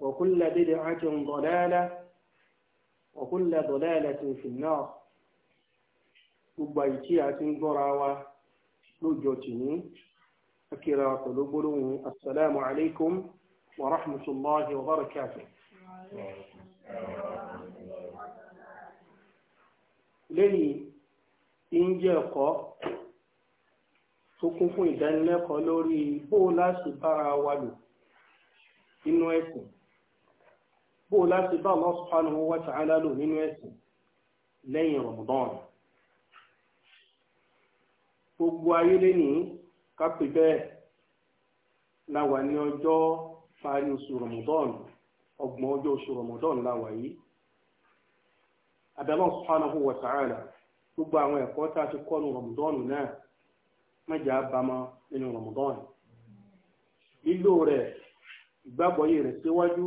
وكل بدعة ضلالة وكل ضلالة في النار gbogbo àyè tí a ti ń gbọ́ra wa lóòjọ́ tìní akira pẹ̀lú gbólóhùn assalamu alaikum wa rahmatullahi wa barakatuh. lẹ́yìn tí ń jẹ́ ẹ̀kọ́ tó kún fún ìdánilẹ́kọ̀ọ́ lórí bó láti bára wa lò nínú ẹ̀sìn. bó o láti bá Allah subhanahu wa ta'ala lò nínú ẹ̀sìn lẹ́yìn Ramadan gbogbo ayé lẹ́nìí kápẹ́ bẹ́ẹ̀ láwa ní ọjọ́ parí oṣù Ramadan ọgbọ̀n ọjọ́ oṣù láwa yìí wa ta'ala gbogbo àwọn ẹ̀kọ́ tá a ti kọ́ nu Ramadan náà nínú lílò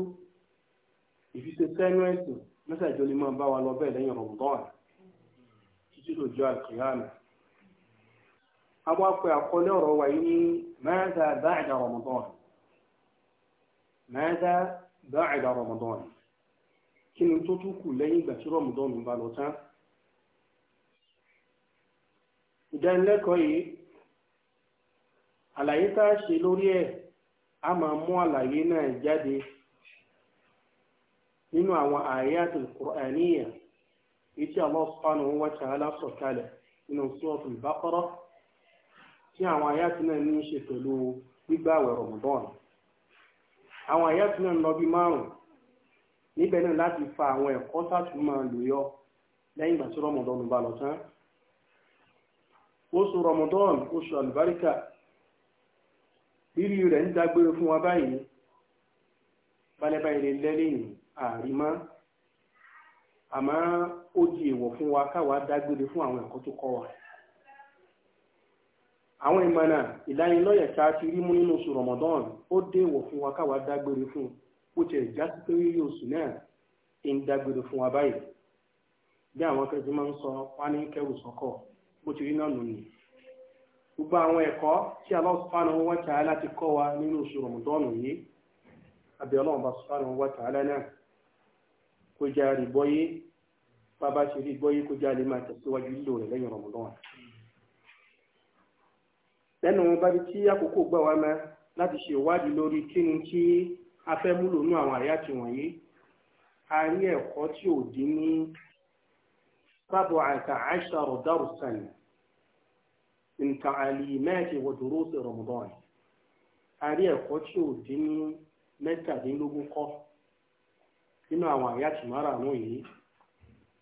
ìfiṣe sẹ́nu ẹ̀sìn mẹ́sàjọ́ lè máa bá wa lọ bẹ́ẹ̀ lẹ́yìn rọ̀mùtọ́ọ̀nù títí lòjọ àkìyàmù. àwọn apẹ àkọlé ọ̀rọ̀ wa yìí ní mẹ́ta báàdà rọ̀mùtọ́ọ̀nù mẹ́ta báàdà rọ̀mùtọ́ọ̀nù kí ni tó tún kù lẹ́yìn ìgbà tí rọ̀mùtọ́ọ̀nù bá lọ tán. ìdánilẹ́kọ̀ọ́ yìí àlàyé tá a ṣe lórí ẹ̀ a máa mú àlàyé náà jáde nínú àwọn àyàtì kùránìyà etí Allah subhanahu wa ta'ala nínú suratul Baqara tí àwọn àyàtì náà ní í ṣe pẹ̀lú gbígbàwẹ̀ Ramadan àwọn àyàtì náà lọ bí márùn níbẹ̀ náà láti fa àwọn ẹ̀kọ́ sátúmọ̀ lòyọ lẹ́yìn ìgbà tí Ramadan bá lọ tán oṣù Ramadan oṣù àlùbáríkà rírí rẹ̀ ń dágbére fún wa báyìí balẹ̀ àrímọ́ àmọ́ ó di èèwọ̀ fún wa káwa dágbére fún àwọn ẹ̀kọ́ tó kọ́ wa àwọn ìmọ̀nà ìlanilọ́yẹ̀ tá a ti rí mú nínú oṣù Ramadan ó dé èèwọ̀ fún wa káwa dágbére fún ó ti ẹ̀já pé rírí oṣù náà ń dágbére fún wa báyìí bí àwọn ti máa ń sọ wá ní sọ́kọ̀ bó ti rí náà nù gbogbo àwọn ẹ̀kọ́ tí kọ́ wa nínú oṣù Ramadan yìí kó já rí bọ́yé bàbá ṣe rí bọ́yé kó já lè máa tẹ̀síwájú lílo rẹ̀ lẹ́yìn Ramadan. lẹ́nu bábi tí àkókò gbà wá mẹ́ láti ṣe ìwádìí lórí kí tí a fẹ́ múlò nú àwọn àyàtì wọ̀nyí a rí ẹ̀kọ́ tí ò dín ní sábọ̀ àìsàn àìsàn a rí ẹ̀kọ́ tí ò dín nínú àwọn àyàtì márààrún yìí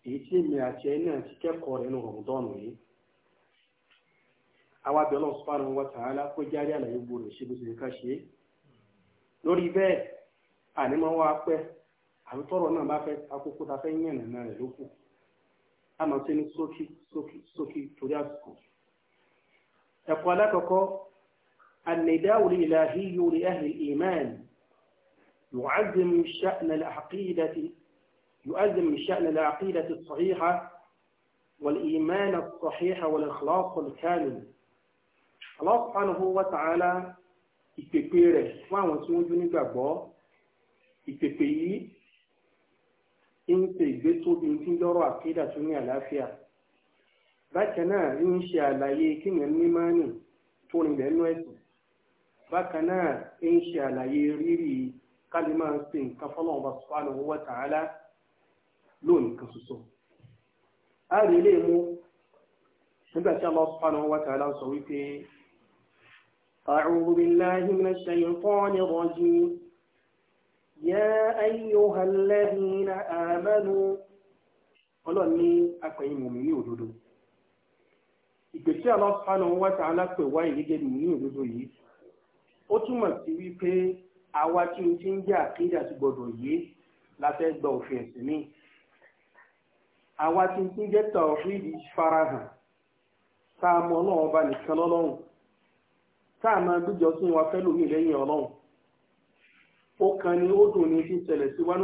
èyí tí àti náà ti kẹ́kọ̀ọ́ rẹ̀ nù rọ̀mùdọ́ọ̀nù yìí àwa wa ta'ala kó jáde àlàyé gbòòrò ṣe bó ṣe ká ṣe é lórí bẹ́ẹ̀ ànímọ́ wa pẹ́ àbí náà bá fẹ́ akókó ta a ní sókí sókí يعظم الشأن العقيدة يؤذن شأن العقيدة الصحيحة والإيمان الصحيح والإخلاص الكامل الله سبحانه وتعالى يكبر سواء سوجن بابا يكبر إن تجدوا بين تجارة عقيدة تنيا لافيا بكنا إن شاء الله يكين النماني تولي لأنه بكنا إن شاء الله يريد ká lè máa pe nǹkan fọlọ́run ọba subhanahu wa ta'ala lónìí kan ṣoṣo a rí ilé mú nígbà tí Allah subhanahu wa ta'ala sọ wípé أعوذ بالله من الشيطان الرجيم يا أيها الذين آمنوا ọlọ́run ní akọ̀yìn mọ̀mí ní òdodo ìgbésí Allah subhanahu wa ta'ala pè wáyé gẹ́gẹ́ bí mọ̀mí ní òdodo yìí ó túmọ̀ sí wípé àwa tí n ti ń jẹ́ ti gbọdọ̀ yé la fẹ́ gba òfin ẹ̀sìn mi àwa tí ti ń jẹ́ farahàn tá mọ ọlọ́run ọba nìkan lọ́lọ́run tá a máa dújọ sí wa fẹ́ lómi lẹ́yìn ọlọ́run ó kan ni ó dùn ní fi ṣẹlẹ̀ sí wa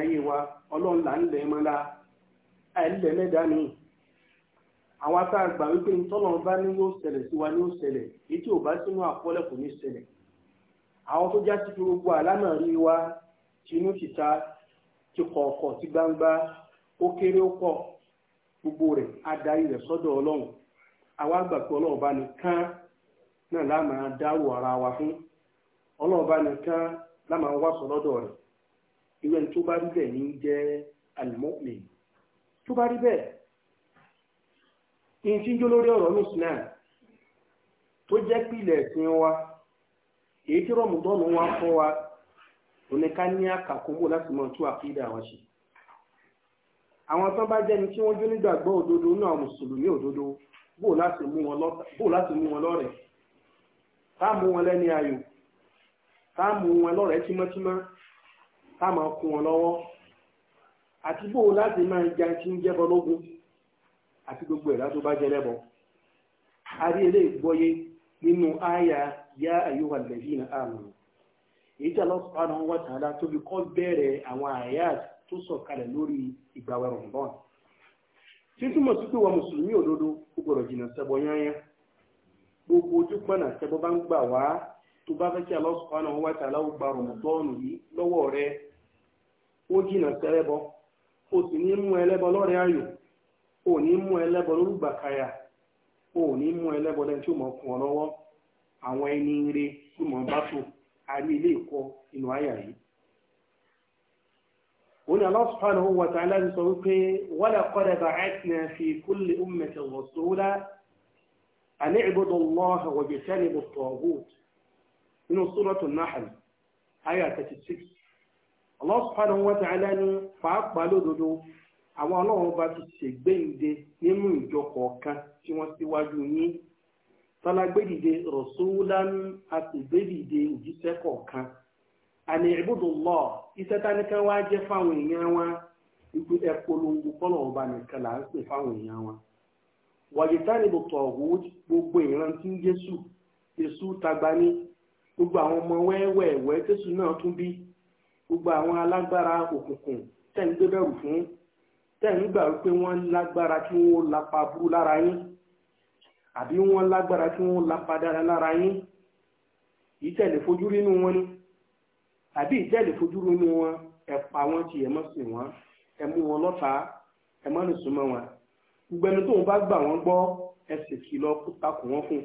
ayé wa ọlọ́run là ń lẹ̀ wípé yóò ṣẹlẹ̀ sí wa yóò ṣẹlẹ̀ àwọn tó já ti fi gbogbo àlámà wa tinú títa ti kọ̀ọ̀kọ̀ ti gbangba ó kéré ó pọ̀ gbogbo rẹ̀ adarí rẹ̀ sọ́dọ̀ ọlọ́run àwa gbà pé ọlọ́run bá nìkan náà lámàá dáwò ara wa fún ọlọ́run bá nìkan wá sọ lọ́dọ̀ rẹ̀ ẹni tó bá rí bẹ́ẹ̀ ní jẹ́ tó bá rí wa. èyí tí rọmùdọ́nù wa ń fọ́ wa oníká ní àkàkóbò láti mọ tú àkídà wa ṣe àwọn tó bá jẹ́ni tí wọ́n jó nígbàgbọ́ òdodo náà mùsùlùmí òdodo bó láti mú wọn lọ́rẹ̀ tá mú wọn lẹ́ni ayò tá mú wọn lọ́rẹ̀ tímọ́tímọ́ tá máa kún wọn lọ́wọ́ àti bó láti máa jẹ tí ń jẹ́bọ lógun àti gbogbo ẹ̀dá tó bá jẹ lẹ́bọ a rí eléyìí nínú àyà ya àyùwà lẹ́yìn àmì èyí tí Allah subhanahu wa ta'ala tó kọ kọ́ bẹ̀rẹ̀ ayat àyàt tó sọ̀kalẹ̀ lórí ìgbàwẹ̀ Ramadan títúmọ̀ sí pé wa mùsùlùmí òdodo ó gbọ́dọ̀ jìnnà sẹ́bọ yányá gbogbo ojú pọ̀nà sẹ́bọ bá ń gba yìí rẹ sì ní mú ayò ní mú ní mú tí àwọn ẹni rere tí mò a bá fò a rí ilé ìkọ́ inú àyà yìí. Wọ́n Allah subhanahu wa ta'ala ń sọ wípé wa laqad ba'athna fi kulli ummatin rasula an i'budu Allah wajtanibu at-taghut nínú Suratul Nahl àyà 36. Allah subhanahu wa ta'ala ní pàápàá lódodo àwọn ọlọ́run bá ti ṣègbéǹde nínú ìjọ kọ̀ọ̀kan tí wọ́n yín tálágbédìde rọ̀ṣúlán àtìgbédìde òjíṣẹ́ kọ̀ọ̀kan àní ìbùdókọ̀ iṣẹ́ táníkà wá jẹ́ fáwọn èèyàn wa ipe ẹ̀polongo kọ́lọ̀ ọba nìkan là ń pè fáwọn èèyàn wa wàyí tánìbù tọ̀ọ̀wù gbogbo ìrántí ń jésù èṣù tagbani gbogbo àwọn ọmọ wẹ́wẹ́wẹ́ tẹ̀sù náà tún bí gbogbo àwọn alágbára òkùnkùn tẹ̀ ń gbé fún tẹ̀ ń gbà wípé wọ́n lágbára kí wọ́n lapa burú lára yín àbí wọ́n lágbára tí wọ́n lapa dára lára yín ìtẹ̀lẹ̀ fojú rínú wọn ni àbí ìtẹ̀lẹ̀ fojú rínú wọn ẹ pa wọn tì ẹ mọ́ sí wọn ẹ mú wọn lọ́tàá ẹ mọ́ nìsún mọ́ wọn gbogbo ẹni tóun bá gbà wọ́n gbọ́ ẹ sì kìlọ̀ takò wọ́n fún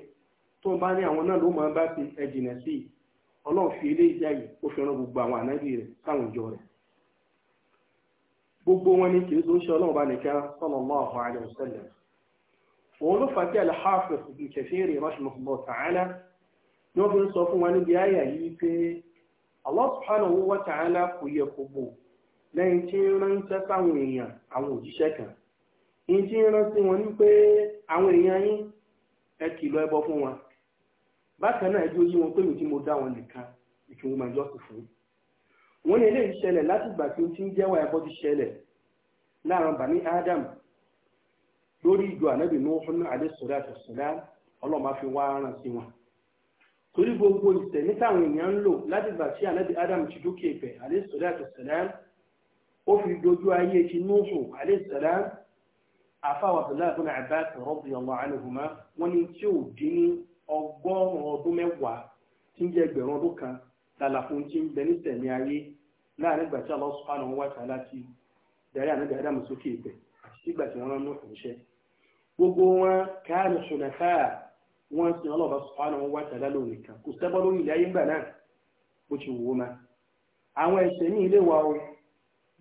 tóun bá ní àwọn náà ló máa bá ti ẹ jìnà sí i ọlọ́run fi ilé ìjà yìí ó fi ran gbogbo àwọn ànábì rẹ̀ sáwọn ìjọ rẹ̀ gbogbo wọn ni kì í tó ń ṣe ọlọ́run bá nìkan sallallahu alaihi wasallam òun ló fàtí alhafiz ibn kathiri rahimahullah ta'ala ni wọ́n fi ń sọ fún wa níbi àyà yìí pé allah subhanahu wa ta'ala kò yẹ kó bò lẹ́yìn tí ń ránṣẹ́ ojii èèyàn àwọn òjíṣẹ́ kan ìyìn tí ń ránṣẹ́ wọn ní pé àwọn èèyàn yín ẹ kìlọ̀ ẹbọ fún wọn wọn mi mo dá wọn nìkan ìfi wọn lati o ti ti bani adam lórí ìjọ ànábì Nuhun alayhi salatu wassalam ọlọ́run máa fi wá ràn sí wọn torí gbogbo ìtẹ̀ nítàwọn èèyàn ń lò láti gbà sí ànábì Adam ti dókè ìfẹ́ alayhi salatu wassalam ó fi dojú ayé ti Nuhu alayhi salam àfáwà Abdullahi ibn Abbas radiyallahu anhuma wọ́n ní tí ò dín ní ọgọ́rùn-ún ọdún mẹ́wàá tí ń jẹ́ ẹgbẹ̀rún ọdún kan lálàfún tí ń bẹ ní tẹ̀mí ayé láàrin ìgbà tí Allah subhanahu wa ta'ala ti darí ànábì Adam sókè ìfẹ́ àti ìgbà tí wọ́n rán Nuhu níṣẹ́ gbogbo wọn ka ṣùnàfà wọn sin ọlọ́ọ̀bá subhanahu wa ta'ala lónìí kan kò sẹ́bọ́ lórí ilẹ̀ ayé ńgbà náà bó ti wù ú ma àwọn ẹ̀ṣẹ̀ ní ilé wa o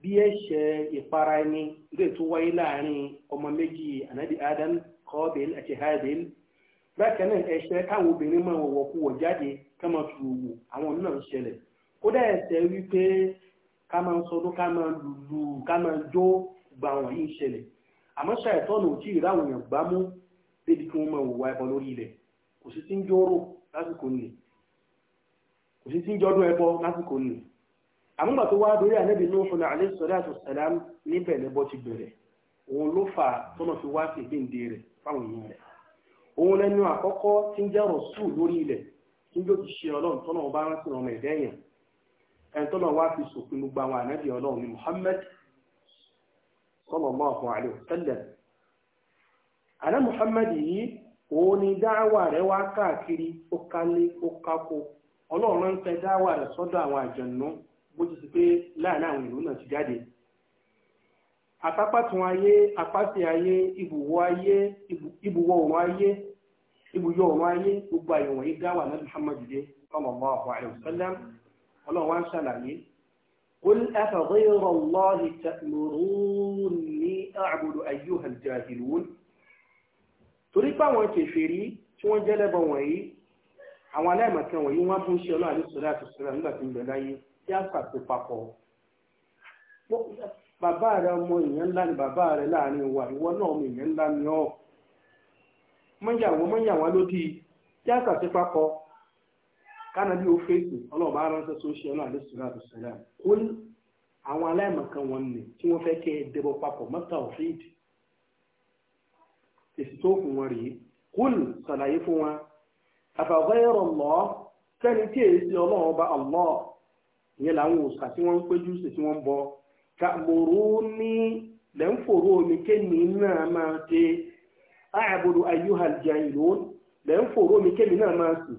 bí ẹ̀ṣẹ̀ ìpara ẹni wáyé ọmọ méjì Anadi adam kọ́bìl àti habil bákan náà ẹ̀ṣẹ̀ káwọn obìnrin máa wọ̀wọ̀ kú wọ̀ jáde ká máa fi wò àwọn náà ń kódà wípé ká máa àmọ́ ṣàìtọ́nù tí ìráwọ̀ èèyàn gbá mú débi kí wọ́n máa wùwà ẹbọ lórí ilẹ̀ kò sí tí ń jóró lásìkò nì kò sí tí ń jọdún ẹbọ lásìkò nì àmúgbà tó wá dorí ànábì Nuhu alayhi salatu wassalam níbẹ̀ lẹ́bọ ti bẹ̀rẹ̀ òun ló fà tọ́nà fi wá sí ìgbéǹde rẹ̀ fáwọn èèyàn rẹ̀ òun lẹ́nu àkọ́kọ́ tí ń jẹ́ rọ̀sù lórí ilẹ̀ tí ń lòdì ṣe ọlọ́run tọ́nà ọba rántí ọmọ ẹ̀dẹ́yìn ẹni tọ́nà wá fi sòpin gbogbo àwọn ànábì ọlọ́run ní Muhammad sallallahu alaihi wasallam àná Muhammad yìí òun ni dáwà rẹ̀ wá káàkiri ó kálé ó kákó ọlọ́run ń tẹ dáwà rẹ̀ sọ́dọ̀ àwọn bó ti ti pé láàrin àwọn ìlú náà ti jáde àpápátun ayé apáṣẹ ayé ibùwọ̀ ayé òun ayé ibùyọ òun ayé gbogbo àyẹ̀wò yìí قل أفغير الله تأمروني أعبد أيها الجاهلون تريبا وكفري شو جلب وعي àwọn aláìmọ̀kan wọ̀nyí wọ́n tún ṣe ọlọ́run àti sọ́lá àti sọ́lá nígbà tí ń bẹ̀rẹ̀ ayé tí a pàṣẹ papọ̀ bàbá rẹ ọmọ èèyàn ńlá ni bàbá rẹ láàrin wa ìwọ náà ọmọ èèyàn ńlá ni ọ mọ́yàwó mọ́yàwó lódì tí a pàṣẹ papọ̀ kánàbí ó fèsì ọlọ́ọ̀bá aránṣẹ́ tó ṣe ọlọ́ọ̀dẹ sùlá àbùsùlá kó àwọn aláìmọ̀kan wọn nì tí wọ́n fẹ́ kẹ́ ẹ dẹbọ papọ̀ mọ́tà òfìdì èsì tó fún wọn rèé kúl sàlàyé fún wọn àfàgbẹ́ ẹ̀rọ lọ kẹ́ni tí èyí sí ọlọ́run bá ọlọ́ ìyẹn làwọn òòṣà tí wọ́n ń péjú sí tí wọ́n ń bọ ká mòró ní lẹ́ńfòró omi kéèmì náà máa ṣe àyàbòrò ayúhàlìjà ìlú lẹ́ńfòró omi kéèmì náà máa sùn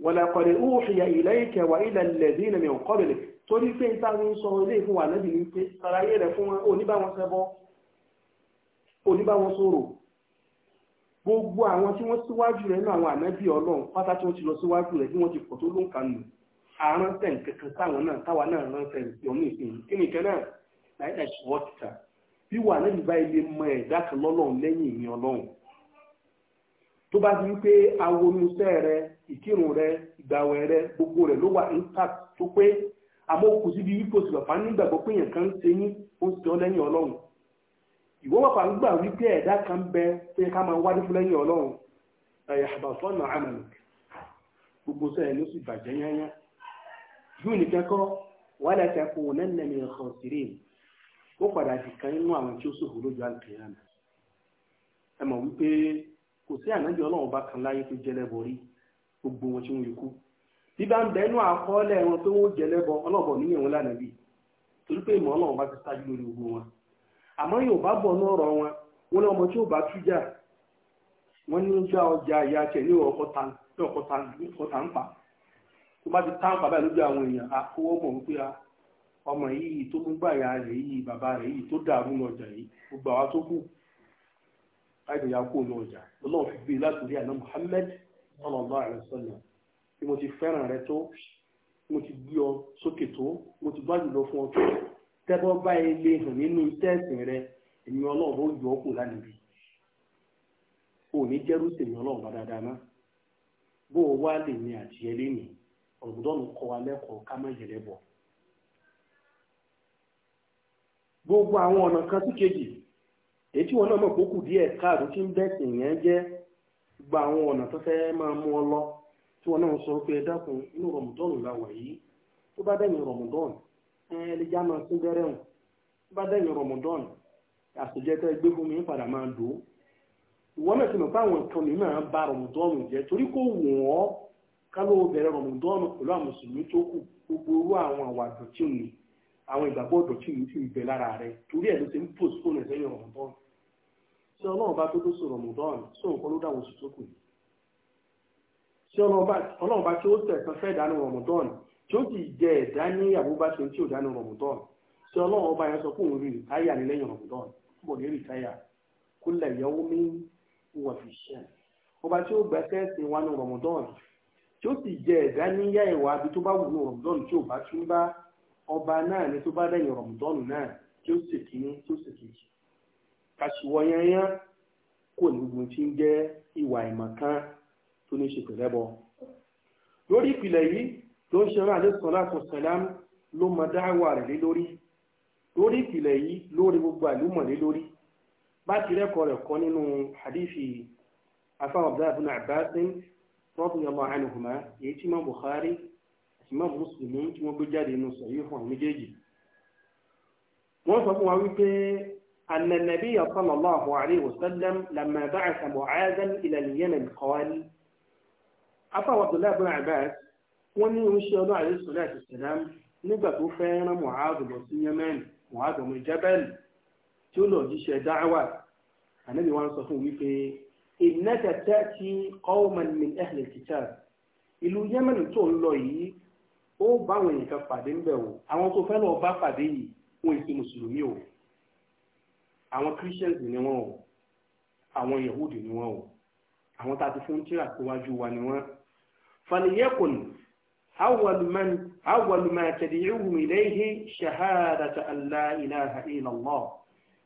ولقد أوحي إليك وإلى الذين من قبلك torí pé ìta ń sọ ilé ìfún wà lẹ́bìn ní pé sàráyé rẹ̀ fún oníbáwọn ṣẹbọ oníbáwọn sọ̀rọ̀ gbogbo àwọn tí wọ́n síwájú rẹ̀ nínú àwọn ànábì ọlọ́run pátá tí wọ́n ti lọ síwájú rẹ̀ bí wọ́n ti pọ̀ tó ló ń kà tó bá di wípé awonusẹ́ rẹ ìkírun rẹ ìgbàwẹ̀ rẹ gbogbo rẹ ló wà intact tó pé àmọ́ kù síbi wípé oṣù bàbá nígbàgbọ́ pé èèyàn kan ń ṣe yín ó ń ṣe ọ́ lẹ́yìn ọlọ́run ìwọ bàbá ń gbà wípé ẹ̀dá kan bẹ pé ká máa wádìí fún lẹ́yìn ọlọ́run ẹ̀yà àbàfọ́nà àmàlùk gbogbo sẹ́yìn ló sì bàjẹ́ yányá yóò ní kẹ́kọ́ wà láti kó wọn lẹ́nu lẹ́nu ẹ̀kọ́ sírí ó padà dìkan nínú àwọn tí ó ṣòfò lójú àlùkìyàmù ẹ mọ̀ wípé kò sí ànábì ọlọ́run bá kan láyé tó jẹlẹ́bọ rí gbogbo wọn tí wọ́n yòókù bí bá ń bẹ inú àkọọ́lẹ̀ wọn pé wọ́n jẹlẹ́bọ ọlọ́bọ níyẹn wọn lánàbì torí pé ìmọ̀ ọlọ́run bá ti sáájú lórí gbogbo wọn àmọ́ yóò bá bọ̀ ní ọ̀rọ̀ wọn wọn ní ọmọ tí bá wọn ní ọjà ìyá láìpẹ́ ìyá kú ome ọjà lọ́nà fi gbé e látòrí àná Muhammad sallallahu alaihi wasallam bí mo ti fẹ́ràn rẹ mo ti gbé ọ sókè mo ti bá jùlọ fún ọ tó tẹ́bọ́ bá ilé nínú tẹ́ẹ̀sì rẹ èmi ọlọ́run ó yọ èyí tí wọn náà mọ̀ pé ó kù díẹ̀ káàdó tí ń bẹ̀sìn yẹn jẹ́ gba àwọn ọ̀nà tó fẹ́ máa mú ọ lọ tí wọn náà sọ pé dákun inú la wà yìí tó bá dẹ̀yìn rọmùdọ́ọ̀nù ẹ lè já máa tó bá dẹ̀yìn tẹ́ gbé fún mi ba jẹ́ torí kò bẹ̀rẹ̀ gbogbo àwọn àwọn ìgbàgbọ́ ọ̀dọ̀ tí mi ti ń bẹ lára rẹ torí ẹ̀ ló ti ń postpone ẹ̀ sẹ́yìn Ramadan ṣé ọlọ́run bá tó tó sọ Ramadan ṣé nǹkan ló dáwọ́ oṣù tó kù yìí ṣé ọlọ́run bá tí ó tẹ̀sán fẹ́ dánú Ramadan tí ó sì jẹ ẹ̀dá ní àbúbá ṣe tí ò dánú Ramadan ṣé ọlọ́run ọba yẹn sọ fún òun rí rìtáyà ní lẹ́yìn Ramadan kúbọ̀ ní rìtáyà kúlẹ̀ yẹwò mí wọ̀ fi ṣẹ́ ọba tí ó gbẹ́sẹ̀ sí wánú Ramadan tí ó sì jẹ ẹ̀dá níyà ìwà àbí tó bá wù ní Ramadan tí ò ọba náà ni tó bá dẹ̀yìn rọ̀mùdọ́nù náà tí ó sì kíní tí ó sì kejì kàṣìwọ̀ yẹn yẹn kò ní gbogbo tí ń jẹ́ ìwà ìmọ̀kan tó ní ṣe pẹ̀lẹ́ bọ. lórí ìpìlẹ̀ yìí ló ń ṣe rán àdéhùn láti sàlám ló mọ dáwà rẹ̀ lé lórí lórí ìpìlẹ̀ yìí lórí gbogbo àlùmọ̀ lé lórí bá ti rẹ́kọ̀ọ́ rẹ̀ kọ́ nínú hadithi afáwọn abdullahi abbas rọ́bìyàn lọ́hánihùmá èyí tí mọ́ bukhari imam muslim tí wọ́n gbé jáde inú sọ̀yí fún àwọn méjèèjì wọ́n sọ fún wa wípé أن النبي صلى الله عليه وسلم لما بعث معاذا إلى اليمن قال أفا عبد الله بن عباس wọ́n ní oníṣẹ́ ọlọ́ alayhi salatu wassalam nígbà tó fẹ́ rán Mu'adh lọ sí Yemen Mu'adh ọmọ Jabal tí ó lọ jíṣẹ́ dáwà ànábì wọn sọ fún wípé innaka ta'ti qawman min ahli al ìlú Yemen tó ń lọ yìí ó bá àwọn èèyàn kan pàdé níbẹ̀ o àwọn tó fẹ́ lọ bá pàdé yìí wọn èso mùsùlùmí o àwọn christians ni wọn o àwọn yahudi ni wọn o àwọn tá a ti fún tíra síwájú wa ni wọn. فليكن أول من أول ما تدعوهم إليه شهادة أن لا إله إلا الله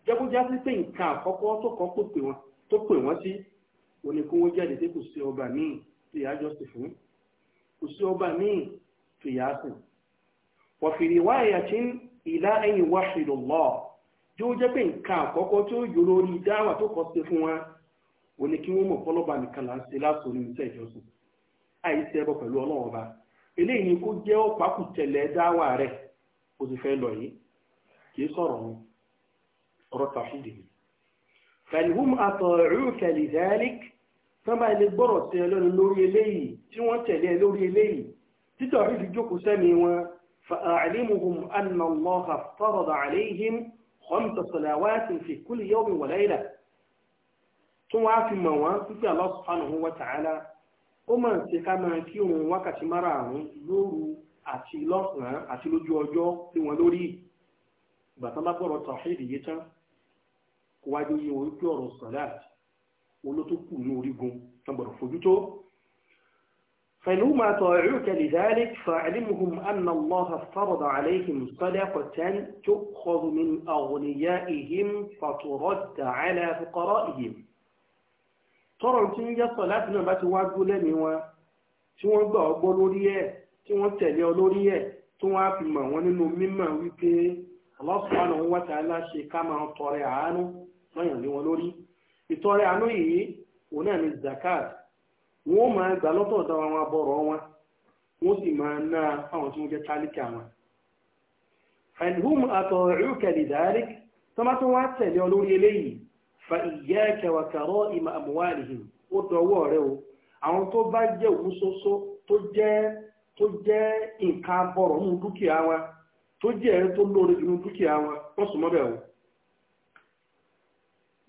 jago jásí pé nǹkan àkọ́kọ́ tó kọ́ tó pè wọ́n sí oníkó wọ́n jáde pé kò sí ọba míì tí àjọ sì fún kò sí ọba míì kìyàsì wọ̀fì riwayatin ìlà ẹ̀yìn wáṣìlọ́lọ́ tí ó jẹ́ pé nǹkan àkọ́kọ́ tó kọ́ sí fún wa ò ní kí wọ́n mọ̀ fọlọ́ba nìkan là ń ṣe láti orí iṣẹ́ ìjọsìn àìsí ẹbọ pẹ̀lú ọlọ́wọ́n ba eléyìí ni kó jẹ́ ọ̀pákùtẹ̀lẹ̀ dáwà rẹ̀ ó ti fẹ́ lọ yìí kì í títọ̀ bí ti jókòó sẹ́mi wọn fa'alimuhum anna allaha farada alayhim khamsa salawatin fi kulli yawmin wa layla tún wá fi mọ̀ wọ́n pípẹ́ Allah subhanahu wa ta'ala ó máa ṣe ká máa kí òun wákàtí márààrún lóru àti lọ́sàn-án àti lójú ọjọ́ tí wọ́n lórí ìgbà tán bá tán kó wájú yé orí pé ọ̀rọ̀ sọ̀láàtì olótókù ní orígun tán gbọ́dọ̀ fojú tó فلما طاعوك لذلك فاعلمهم أن الله افترض عليهم صدقة تؤخذ من أغنيائهم فترد على فقرائهم tọ́rọ̀ tí ń yẹ́sọ̀ láti náà bá ti wá gbó lẹ́mi wọn tí wọ́n gbà ọgbọ́ lórí ẹ̀ tí wọ́n tẹ̀lé ọ lórí ẹ̀ tí wọ́n á fi mọ̀ wọn nínú mímọ̀ wípé Allah subhanahu wa ta'ala ká máa tọrẹ àánú lọ́yàn lé wọn lórí ìtọrẹ àánú yìí òun náà ni zakat wọ́n máa gbà lọ́tọ̀ọ̀dọ̀ àwọn abọ́rọ̀ wọn wọ́n sì máa ná àwọn tí wọ́n jẹ́ wọn. fàìlhùm àtọ̀ ìrúkẹ̀ lìdárí tọ́mátọ́ wá tẹ̀lé ọ lórí eléyìí fa ìyá kẹwàkàrọ̀ ìmọ̀ àmúwárìhìn ó dọwọ́ rẹ o àwọn tó bá jẹ́ òun tó jẹ́ tó jẹ́ nǹkan abọ́rọ̀ dúkìá tó jẹ́ tó lóore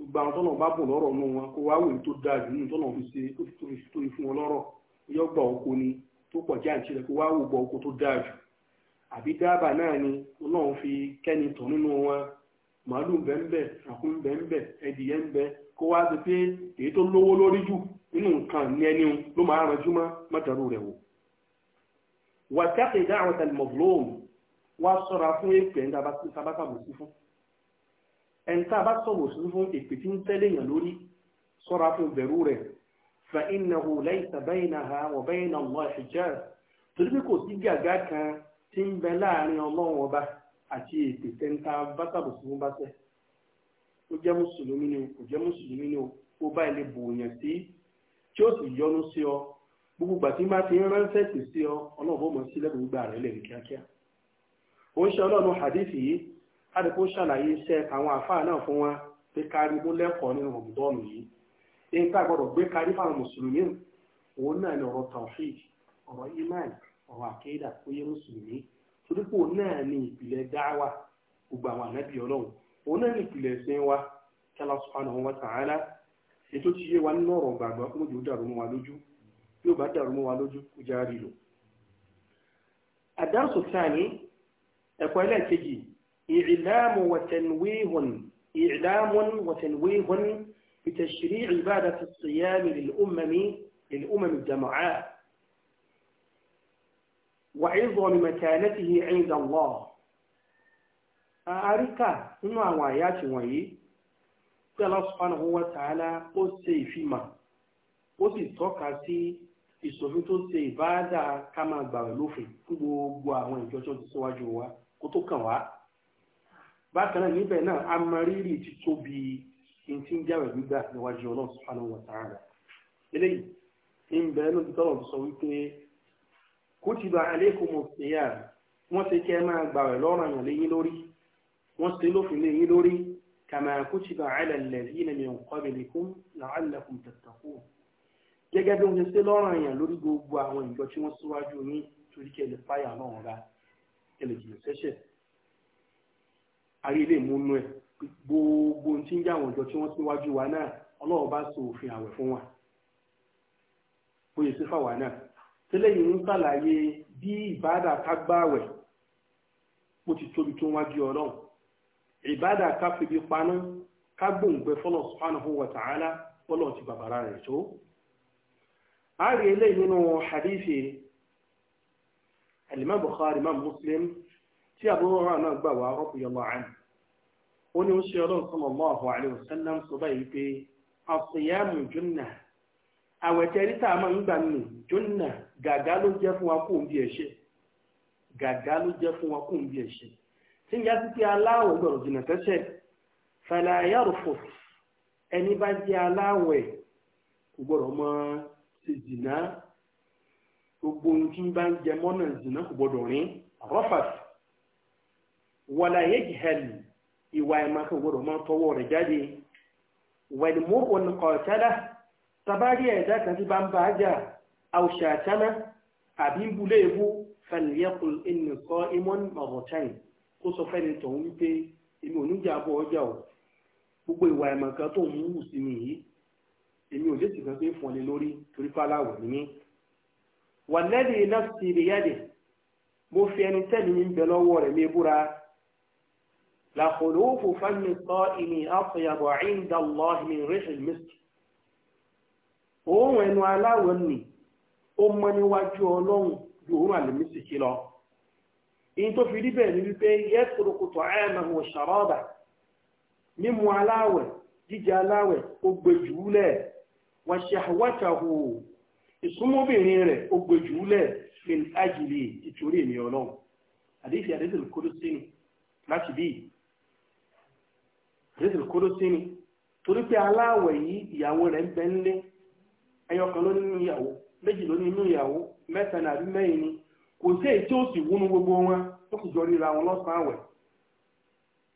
gbogbo àwọn tọ́nà bá bùn lọ́rọ̀ nù wọn kó wá wèé tó dáa jù nínú tọ́nà fi ṣe tó fi tó fi fún wọn lọ́rọ̀ yọ gbà oko ni tó pọ̀ jáǹtì rẹ̀ kó wá wò gbọ́ oko tó dáa jù àbí dáàbà náà ni ọlọ́run fi kẹ́ni tọ̀ nínú wọn màálù bẹ́ńbẹ́ ràkún bẹ́ńbẹ́ ẹdìyẹ ń bẹ kó wá sí pé èyí tó lówó lórí jù nínú nǹkan ní ẹni ló máa ranjú mọ́ mọ́tàrú rẹ̀ wò. wàtí àtẹ̀dá àwọn tẹlifọ̀lọ́ọ̀mù wá sọ́ra fún èpè ń tabátàbò sí fún. ẹni a bá sọ̀wọ̀ sí fún èpè tí ń tẹ́lẹ̀ yàn lórí sọ́ra fún bẹ̀rù rẹ̀ fa innahu ha baynaha wa bayna Allah hijab torí pé kò sí gàgá kan tí ń bẹ láàrin ọlọ́run ọba àti èpè tẹ́ńtà bá sàbòsí fún bá sẹ́ ó jẹ́ mùsùlùmí o kò jẹ́ mùsùlùmí ni o ó bá ilé bòòyàn sí tí ó sì yọnu sí ọ gbogbo má ti ránṣẹ́ sí ọ ọlọ́run ó sílẹ̀ gbogbo àdìpọ̀ ṣàlàyé iṣẹ́ àwọn àfáà náà fún wa pé kárí mú lẹ́kọ̀ọ́ nínú rọ̀mùdọ́ọ̀nù yìí èyí tá a gbọ́dọ̀ gbé kárí fáwọn mùsùlùmí òun náà ni ọ̀rọ̀ tawhid ọ̀rọ̀ iman ọ̀rọ̀ àkéèdà ó yẹ mùsùlùmí torípò náà ni ìpìlẹ̀ dáwà gbogbo àwọn ànábì ọlọ́run òun náà ni ìpìlẹ̀ ẹ̀sìn wa kẹ́lá subhanahu wa ta'ala ètò ti yé wa nínú ọ̀rọ̀ إعلام وتنويه إعلام وتنويه بتشريع عبادة الصيام للأمم للأمم الجمعاء وعظم مكانته عند الله أريكا إنه آيات وعي قال سبحانه وتعالى أوسي فيما أوسي توكاسي ìṣòfin tó ṣe ìbáadáa ká máa gbàrú lófin fún gbogbo àwọn bákan náà níbẹ̀ náà a mọ rírì ti tóbi ní ti ń jáwé gbígbà níwájú ọlọ́run subhanahu wa ta'ala eléyìí ń bẹ lóbi tọ́lọ̀ sọ wípé kutiba alaykumus siyam wọ́n ti kẹ́ máa gbàwẹ̀ lọ́rọ̀ yàn léyìn lórí wọ́n ti lófin léyìn lórí kama kutiba ala alladhina min qablikum la'allakum tattaqun gẹ́gẹ́ bí wọ́n ti ṣe lọ́rọ̀ yàn lórí gbogbo àwọn ìjọ tí wọ́n síwájú yín torí kẹ́ fáyà náà rà kẹ́ lè jìnnà sẹ́sẹ̀ ayé lè múnú ẹ̀ gbogbo ohun tí ń jẹ́ àwọn ọjọ́ tí wọ́n síwájú wa náà ọlọ́run bá so òfin àwẹ̀ fún wa bóyá sí fáwa náà tẹ́lẹ̀ yìí ń sàlàyé bí ìbáàdà ká gbààwẹ̀ bó ti tóbi tó wájú ọlọ́run ìbáàdà ká febi paná ká gbòǹgbẹ fọlọ́ subhanahu wa ta'ala fọlọ́ ti bàbàrà rẹ̀ tó. a rí eléyìí nínú hadithi alimami Bukhari imam Muslim tí àbúrò rà náà gbà wá ọ̀pọ̀ yọlọ àánú ó ní ó ṣe ọlọ́run sallallahu alaihi wasallam sọ báyìí pé àṣeyàmù jùnà àwẹ̀tẹ̀ ríta máa ń gbà nù jùnà gàgá ló jẹ́ fún wa kóun bí ẹ̀ṣẹ̀ gàgá ló jẹ́ fún wa kóun bí ẹ̀ṣẹ̀ tí ń já sí pé aláwọ̀ gbọ̀rọ̀ jìnà tẹ́sẹ̀ fàlàyàrùfò ẹni bá jẹ́ aláwọ̀ kò gbọ́dọ̀ mọ́ ṣe gbogbo ohun tí ń bá jẹ mọ́nà jìnà kò gbọ́dọ̀ rìn rọ́fàsì wàlà yajhal ìwà ìmọ̀kẹ́ gbọ́dọ̀ máa tọwọ́ rẹ̀ jáde wal mar'u qatala tabari ẹ̀dá kan tí bá ń bá a jà aw shatama àbí ń bulé ebú falyaqul inni qa'imun marratayn kó sọ fẹ́ni tọ̀hún wípé èmi ò ní jà bọ́ ọjà o gbogbo ìwà ìmọ̀kẹ́ tó ń wù sí mi yìí èmi ò létí kan pé fún ọ lórí torí fáláwọ̀ ni mí walladhi nafsi biyadihi mo fi ẹni tẹ́lẹ̀ mi ń bẹ lọ́wọ́ rẹ̀ mi búra لخلوف فم الصائم أطيب عند الله من ريح المسك òun ẹnu aláwọ̀ ni ó mọ́ níwájú ọlọ́run ju òun àlèmísì kí lọ in tó fi rí bẹ́ẹ̀ ni wípé yẹ́tùrùkùtù àyàmàhù ṣàrọ́bà mímu aláwẹ̀ jíjẹ aláwẹ̀ ó gbé jùúlẹ̀ wà ṣàwátàhù ìsúnmọ́bìnrin rẹ̀ ó gbé jùúlẹ̀ fi ajìlì ìtòrí èmi ọlọ́run jésù kúrò sí ni torí pé aláwẹ̀ yìí ìyàwó rẹ̀ ń bẹ ńlé ẹyọ kan ló nínú ìyàwó méjì ló nínú ìyàwó mẹ́ta ní àbí mẹ́yìn ni kò sí èyí tí ó sì wúnú gbogbo wọn tó sì jọ ríra wọn lọ́sàn-án àwẹ̀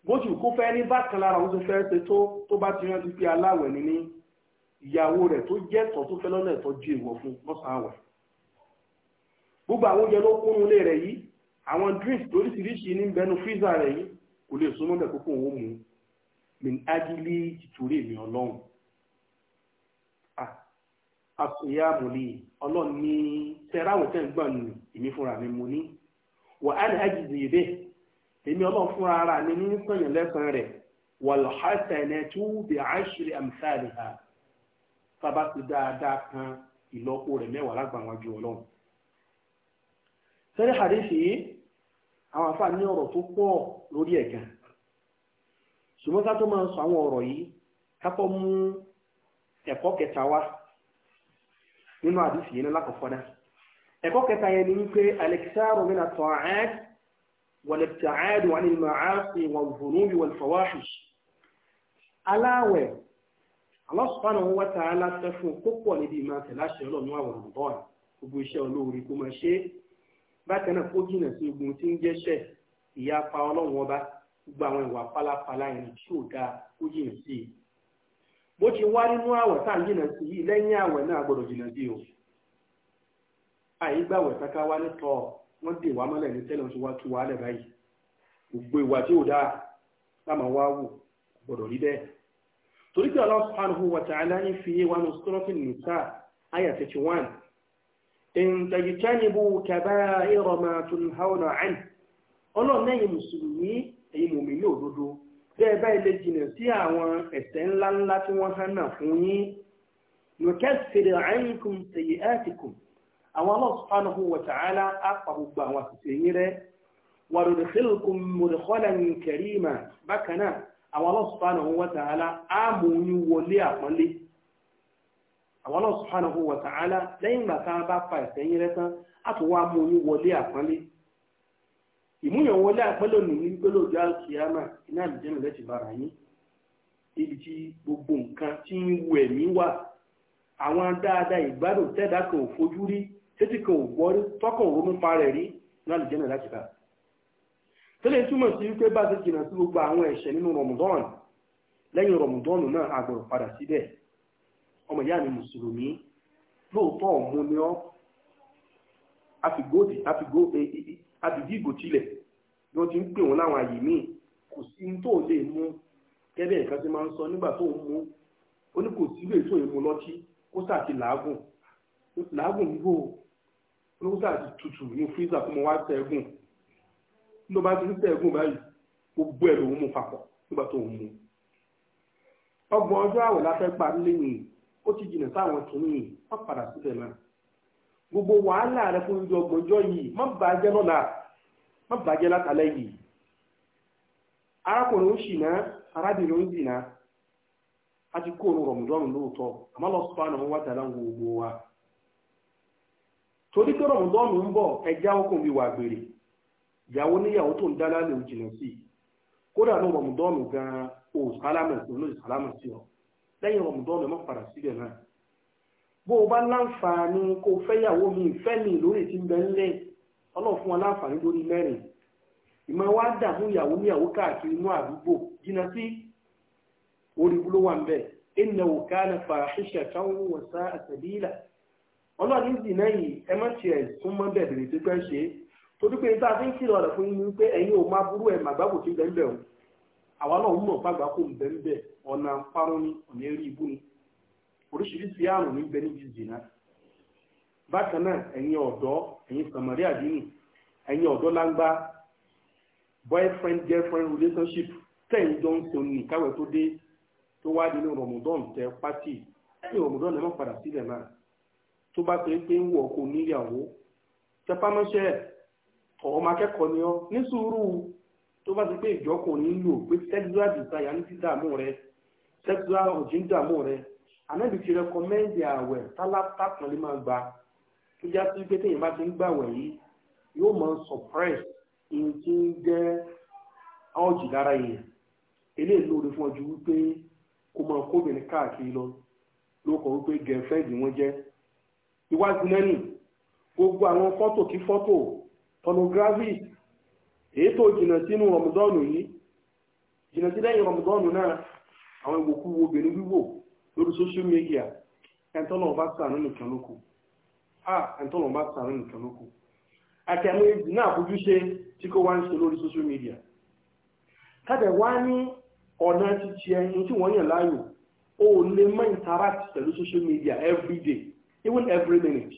bó sì kó fẹ́ ní bákan lára òun tó fẹ́ ṣe tó tó bá ti rántí pé aláwẹ̀ ni ní ìyàwó rẹ̀ tó jẹ́ tọ̀ tó fẹ́ lọ́nà ẹ̀tọ́ ju èèwọ̀ fún lọ́sàn-án gbogbo àwọn oúnjẹ ló kúnnú ilé rẹ̀ yìí àwọn drinks lóríṣiríṣi ní bẹnu freezer rẹ̀ yìí kò lè súnmọ́ bẹ̀ kókó òun mú un min ajili tìtúrí mi ọlọ́run àṣeyá mo ní ọlọ́run ní tẹ́ráwọ̀ tẹ́ ń gbọ́n nù èmi fúnra mi mo ní wà á ní ajizi ìbẹ́ èmi ọlọ́run fúnra ara mi ní sọ̀yìn lẹ́sàn rẹ̀ wàlúhàṣẹ̀nẹ̀tù bí àṣírí àmìsáàlì ha sábà ti dáadáa lórí ẹ̀gàn ṣùgbọ́n ká tó máa sọ àwọn ọ̀rọ̀ yìí kápọ̀ mú ẹ̀kọ́ kẹta wá nínú àdìsí yẹn lákọ̀ọ́kọ́ náà ẹ̀kọ́ kẹta yẹn ni wípé alexander mina tọ́hán wàlẹ̀tàáàdù wà ní màáṣì wà vùnúbi wà fọwáṣì aláwẹ̀ Allah subhanahu wa ta'ala fún púpọ̀ níbi ìmọ̀ tẹ̀láṣẹ̀ ọlọ́run àwọn ọ̀rọ̀ gbogbo iṣẹ́ olóore kó máa ṣe bákan náà kó jìnà sí ogun tí ń jẹ́ṣẹ̀ ìyapa ọlọ́run ọba gbogbo àwọn ìwà pálapàla yẹn tí ò dáa ó jìnà sí bó ti wá nínú àwẹ̀ tá ń jìnà sí yìí lẹ́yìn àwẹ̀ náà jìnà o àyígbàwẹ̀ sáká wá ní tọ́ wọ́n dè wá mọ́lẹ̀ ní tẹ́lẹ̀ tí wá wá lẹ̀ báyìí gbogbo ìwà tí dáa wá wò rí bẹ́ẹ̀ torí pé fi yé sọ́rọ́fì àyà in ẹ̀yin mòmí ní òdodo tẹ́ ẹ bá ilé jìnnà sí àwọn ẹ̀ṣẹ̀ ńláńlá tí wọ́n hàn náà fún yín nùkẹ́sìrì àyínkùn sèyí ẹ́ẹ̀tìkùn àwọn Allah subhanahu wa ta'ala á pa gbogbo àwọn àṣìṣe yín rẹ́ wàlùdìkìlùkùn mùdìkọ́lẹ̀ ní kẹrìmà bákan náà àwọn Allah subhanahu wa ta'ala á wọlé àpọ́nlé àwọn Allah subhanahu wa ta'ala lẹ́yìn gbàtà ìmúyàn wọlé àpẹẹlẹ ní wípé lòdì alkiyama iná àlùjẹ́ nílẹ̀ ti bára yín ibi tí gbogbo nǹkan tí ń wù ẹ̀mí wà àwọn dáadáa ìgbádùn tẹ́dá kan ò fojú rí títí kan ò gbọ́ rí tọ́kàn ò pa rẹ̀ rí iná tẹ́lẹ̀ túmọ̀ sí wípé bá ti jìnnà sí gbogbo àwọn ẹ̀ṣẹ̀ nínú àbìdí ìbò tilẹ̀ ni wọ́n ti ń pè wọ́n láwọn àyè míì kò sí ní tó lè mú gẹ́gẹ́ nǹkan tí máa ń sọ nígbà tó ń mú ó ní kò sí lè tó èmu lọ́tí kó sáà ti làágùn ó ti làágùn nígbò ó sáà ti tutù ní freezer fún mo wá sẹ́gun ló bá ti ń sẹ́gun báyìí gbogbo ẹ̀ lòún mú papọ̀ nígbà tó ń mú ọgbọ̀n ọjọ́ àwẹ̀ la fẹ́ parí lẹ́yìn ó ti jìnnà sáwọn tòun yìí wọ́n padà síbẹ̀ náà gbogbo wàhálà rẹ fún ìjọ ọgbọ̀njọ́ yìí má bàjẹ́ lọ́la má bàjẹ́ látàlẹ́ yìí arákùnrin ń ṣìnà arábìnrin a ti kó òun rọ̀mùdọ́nù lóòótọ́ àmọ́ lọ sọ́pàá náà wọ́n wá gbogbo wa torí pé rọ̀mùdọ́nù ń bọ̀ ẹja ọkùnrin bí wà gbèrè ìyàwó níyàwó tó ń dá lálẹ́ kódà ní gan-an sálámù sálámù bó o bá láǹfààní kó o fẹ́yàwó mi ìfẹ́ mi lórí ti ń bẹ ńlẹ̀ fún wa láǹfààní lórí mẹ́rin ìmọ̀ wa dààmú ìyàwó níyàwó káàkiri inú àdúgbò jìnnà sí ló wà ń bẹ̀ wò ká na fa ṣíṣe àtàwọn dìnnà yìí ẹ má tiẹ̀ tún mọ́ bẹ̀ bèrè tó ṣe torí pé a ń fún yín pé ẹ̀yin ò burú ẹ̀ àwa náà mọ̀ ń bẹ́ẹ̀ bẹ́ẹ̀ ọ̀nà parun ni ọ̀nà eré ibú ni oríṣiríṣi àrùn ní bẹ níbi zina bákan náà ẹ̀yin ọ̀dọ́ ẹ̀yin sàmárì àdínì ẹ̀yin ọ̀dọ́ langba. boyfriend girlfriend relationship ten jọ ń so ní káwé tó dé tó wá di ní rọmọdọ́n tẹ pátì ẹ̀yin rọmọdọ́n ẹ̀ má padà sílẹ̀ náà tó bá pé pé ń wọ̀ kó níyàwó tẹpámọ́ṣẹ́ ọmọ akẹ́kọ̀ọ́ ni ọ ní sùúrù tó bá ti pé ìjọkùn nílò pé sexual desire ní dídààmú rẹ sexual ọ̀jìn dààmú rẹ ànábì ti rẹkọmẹ́ndì àwẹ̀ tálákà kan lè máa gba tó já sí pé téèyàn bá ti ń gbàwẹ̀ yìí yóò máa suppress ìyẹn tí ń jẹ́ ọ̀jì lára yẹn eléyìí lóore fún ọjọ́ wípé kó máa kóbìnrin káàkiri lọ ló kọ wípé gẹ̀ẹ́fẹ́ẹ̀dì wọn jẹ́ iwájú lẹ́nu gbogbo àwọn fọ́tò kí fọ́tò pornography èyí tó jìnnà sínú rọmọdọ́ọ̀nù yìí jìnnà sí lẹ́yìn rọmọdọ́ọ̀nù náà àwọn ìwòkú obìnrin wíwò lórí social media ẹ̀ńtọ́lọ́wọ́ bá sàánú nìkan lóko ah ẹ̀ńtọ́lọ́wọ́ bá sàánú nìkan lóko àti àwọn èdè náà fojú ṣe tí kò wá ń ṣe lórí social media kábẹ̀ wá ní ọ̀nà títí ẹyin tí wọ́n yàn láàyò o lè mọ́ interact pẹ̀lú social media every day even every minute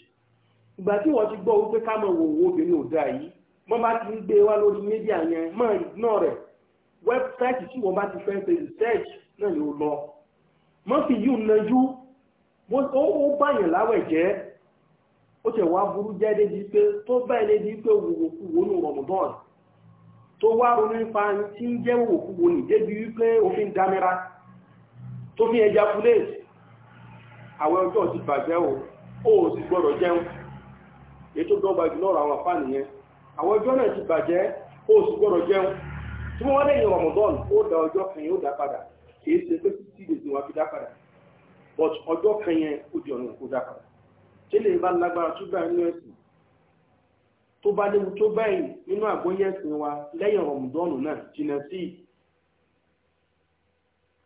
ìgbà tí wọ́n ti gbọ́ wípé ká mọ̀ wò owó obìnrin ò dáa yìí wọ́n bá ti ń gbé wá lórí media yẹn mọ́ ìdúná rẹ̀ wẹ́bsáìtì tí wọ́n bá ti fẹ́ ṣe research náà ni lọ mọ́ fi yíò nájú ó báyàn láwẹ̀ jẹ́ ó tẹ̀ wá burú jẹ́ débi pé tó báyìí débi pé wòwòkú wo ní rọmọdọ́ọ̀nù tó wá ronú nípa tí ń jẹ́ wòwòkú wo ní débi wípé òfin dámẹ́ra tó fi ẹja fúlẹ̀tì àwọn ọjọ́ ti bàjẹ́ o ó sì gbọ́dọ̀ jẹun èyí tó dọ́gba jù lọ́rọ̀ àwọn àfáà nìyẹn àwọn ọjọ́ náà ti bàjẹ́ ó sì gbọ́dọ̀ jẹun tí wọ́n wá lẹ́yìn rọmọdọ́ọ̀nù ó dá ọjọ́ kan yóò dá padà kì í ṣe pé sixty days ni wàá fi dá padà but ọjọ́ kan yẹn ó di ọ̀nà kó dá padà ṣé lè bá lágbára tó gbà nínú ẹ̀sìn tó bá léwu tó báyìí nínú àgbọ́yé ẹ̀sìn wa lẹ́yìn rọ̀mùdọ́ọ̀nù náà jìnnà sí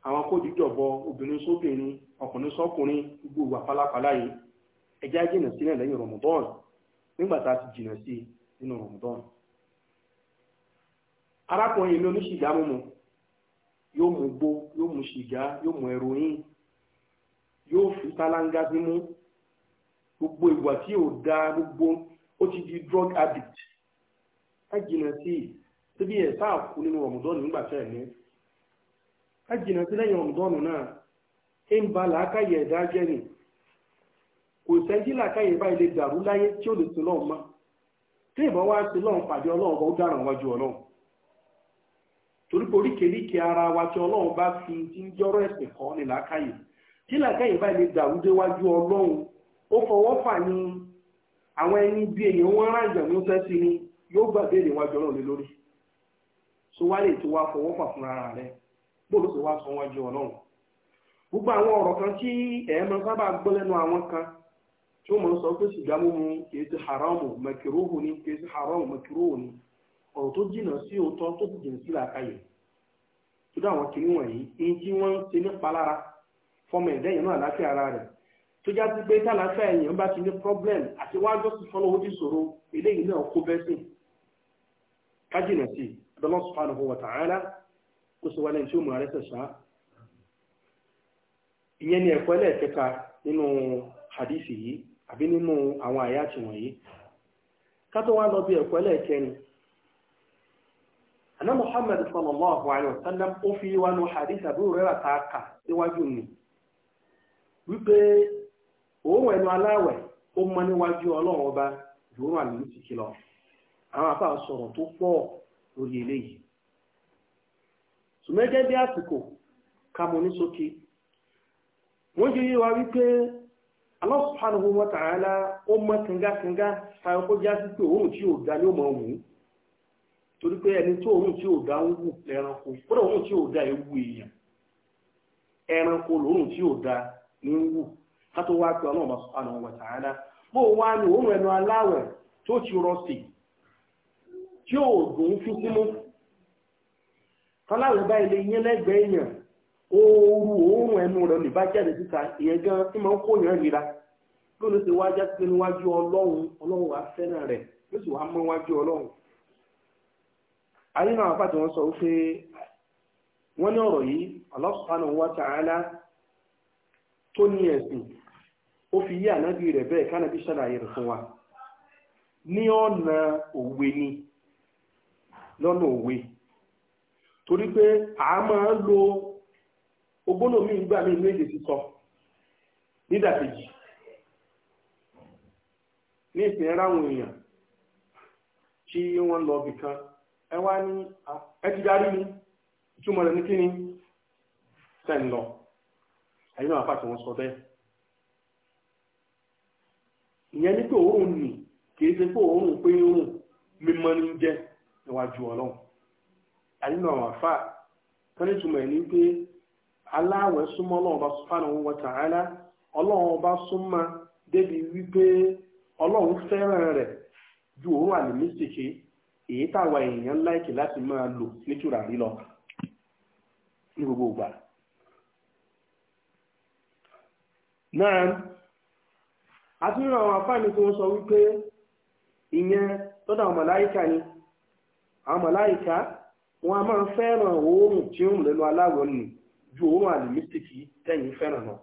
àwọn kódìjọ̀bọ obìnrin sóbìnrin ọkùnrin sọkùnrin gbogbo wà pálápàlá yìí ẹjá jìnnà sí náà lẹ́yìn rọ̀mùdọ́ọ̀nù nígbà tá a ti jìnnà sí nínú rọ̀mùdọ́ọ̀nù arákùnrin mi oníṣìgbà mímu yóò mú gbó yóò mú sìgá yóò mú ẹròyìn yóò fi tálángá símú gbogbo ìwà tí ò da gbogbo ó ti di drug addict ká sí i síbi ẹ̀ sáà nínú ọ̀mùdọ́nù nígbà tẹ̀ ní ká sí lẹ́yìn ọ̀mùdọ́nù náà ẹ̀ ń ba làákàyè ẹ̀dá jẹ́ nì kò sẹ́ńtì làákàyè báyìí lè dàrú láyé torí pé oríkèéríkèé ara wa tí ọlọ́run bá fi ti ń jọ́rọ̀ ẹ̀sìn kọ́ ní làákàyè tí làákàyè báyìí lè dàrú déwájú ọlọ́run ó fọwọ́ fà ní àwọn ẹni bí èèyàn wọn rán ìjà ní sí ni yóò gbàgbé ìrìnwájú ọlọ́run lé lórí so wá lè tó wá fọwọ́ fà fúnra rẹ bó ló sì sọ wájú ọlọ́run gbogbo àwọn ọ̀rọ̀ kan tí ẹ̀ẹ́mọ sábà gbọ́ lẹ́nu àwọn kan tí ó mọ̀ sọ pé sìgá haramu ni ọ̀rọ̀ tó jìnnà sí òótọ́ tó sì jìnnà sí làákàyè tó dá àwọn kìnìún wọ̀nyí èyí tí wọ́n ń ṣe nípa lára fọmọ ẹ̀dá yẹn náà àláfíà ara rẹ̀ tó já sí pé tàlàfíà èèyàn bá ti ní problem àti wájọ́ sí fọlọ́wọ́ ti ṣòro eléyìí náà kó bẹ́ sìn ká jìnnà sí Allah subhanahu wa ta'ala kó sọ wálé tí ó mú ààrẹ sẹ̀sà ìyẹn ni ẹ̀kọ́ ẹlẹ́ẹ̀kẹta nínú hadisi yìí àbí nínú àwọn àyà tiwọ̀nyí ká tó wá lọ bí ẹ̀kọ́ ẹlẹ́ẹ̀kẹrin àná Muhammad sallallahu alaihi wasallam ó fi wánú hadith àbúrò rẹ̀ rà ká síwájú ni wípé òun ẹnu aláwẹ̀ ó mọ níwájú ọlọ́run ọba ìdúró àmì ní a lọ àwọn àbá sọ̀rọ̀ tó pọ̀ lórí eléyìí sùmẹ́gẹ́ bí àsìkò ní sókè yíwa wípé ó mọ pé òun tí ò ó torí pé ẹni tó òun tí ò dá ń wù ẹranko kódà òun tí ò dá ewu èèyàn ẹranko lòun tí ò dá ní ń wù ká tó wá pé ọlọ́run subhanahu wa ta'ala bó o wá ní òun ẹnu aláwẹ̀ tó ti tí ò dùn fi símú kọ́láwẹ̀ báyìí lè yín lẹ́gbẹ̀ẹ́ yẹn ooru òórùn ẹnu rẹ lè bá jáde síta ìyẹn gan tí máa ń kó yàn rira lónìí ti níwájú ayé náà bá tí wọ́n sọ wípé wọ́n ní ọ̀rọ̀ yìí Allah subhanahu wa ta'ala tó ní ẹ̀sìn ó fi yé ànábì rẹ̀ bẹ́ẹ̀ kánábì ṣàlàyé rẹ̀ fún wa ní ọ̀nà òwe ni lọ́nà òwe torí pé a máa ń lo ogbónòmí ìgbà mi inú èdè sísọ nídàkejì ní ìsìn ẹ̀ráwọ̀n èèyàn tí wọ́n lọ bìkan ẹ wá ní darí ni ìtumọ̀ rẹ̀ ní kí ni ń lọ sọ bẹ́ẹ̀ ìyẹn ní pé òórùn nì kì ṣe pé òórùn pé mímọ́ ní jẹ́ níwájú ọlọ́run àfà ẹ̀ ní pé aláwẹ̀ súnmọ́ ọlọ́run bá ọlọ́run bá súnmọ́ débi wípé ọlọ́run fẹ́ràn rẹ̀ èyí táwa èèyàn láìkì láti máa lò ní tùràrí lọ ní gbogbo ìgbà náà a tún ràn àwọn afáàní tí wọ́n sọ wípé ìyẹn lọ́dọ̀ àwọn màláìka ni àwọn màláìka wọn a máa fẹ́ràn òórùn tí ó ń lẹ́nu aláwọ̀ nì ju òórùn àlùmísìkì tẹ̀yìn fẹ́ràn náà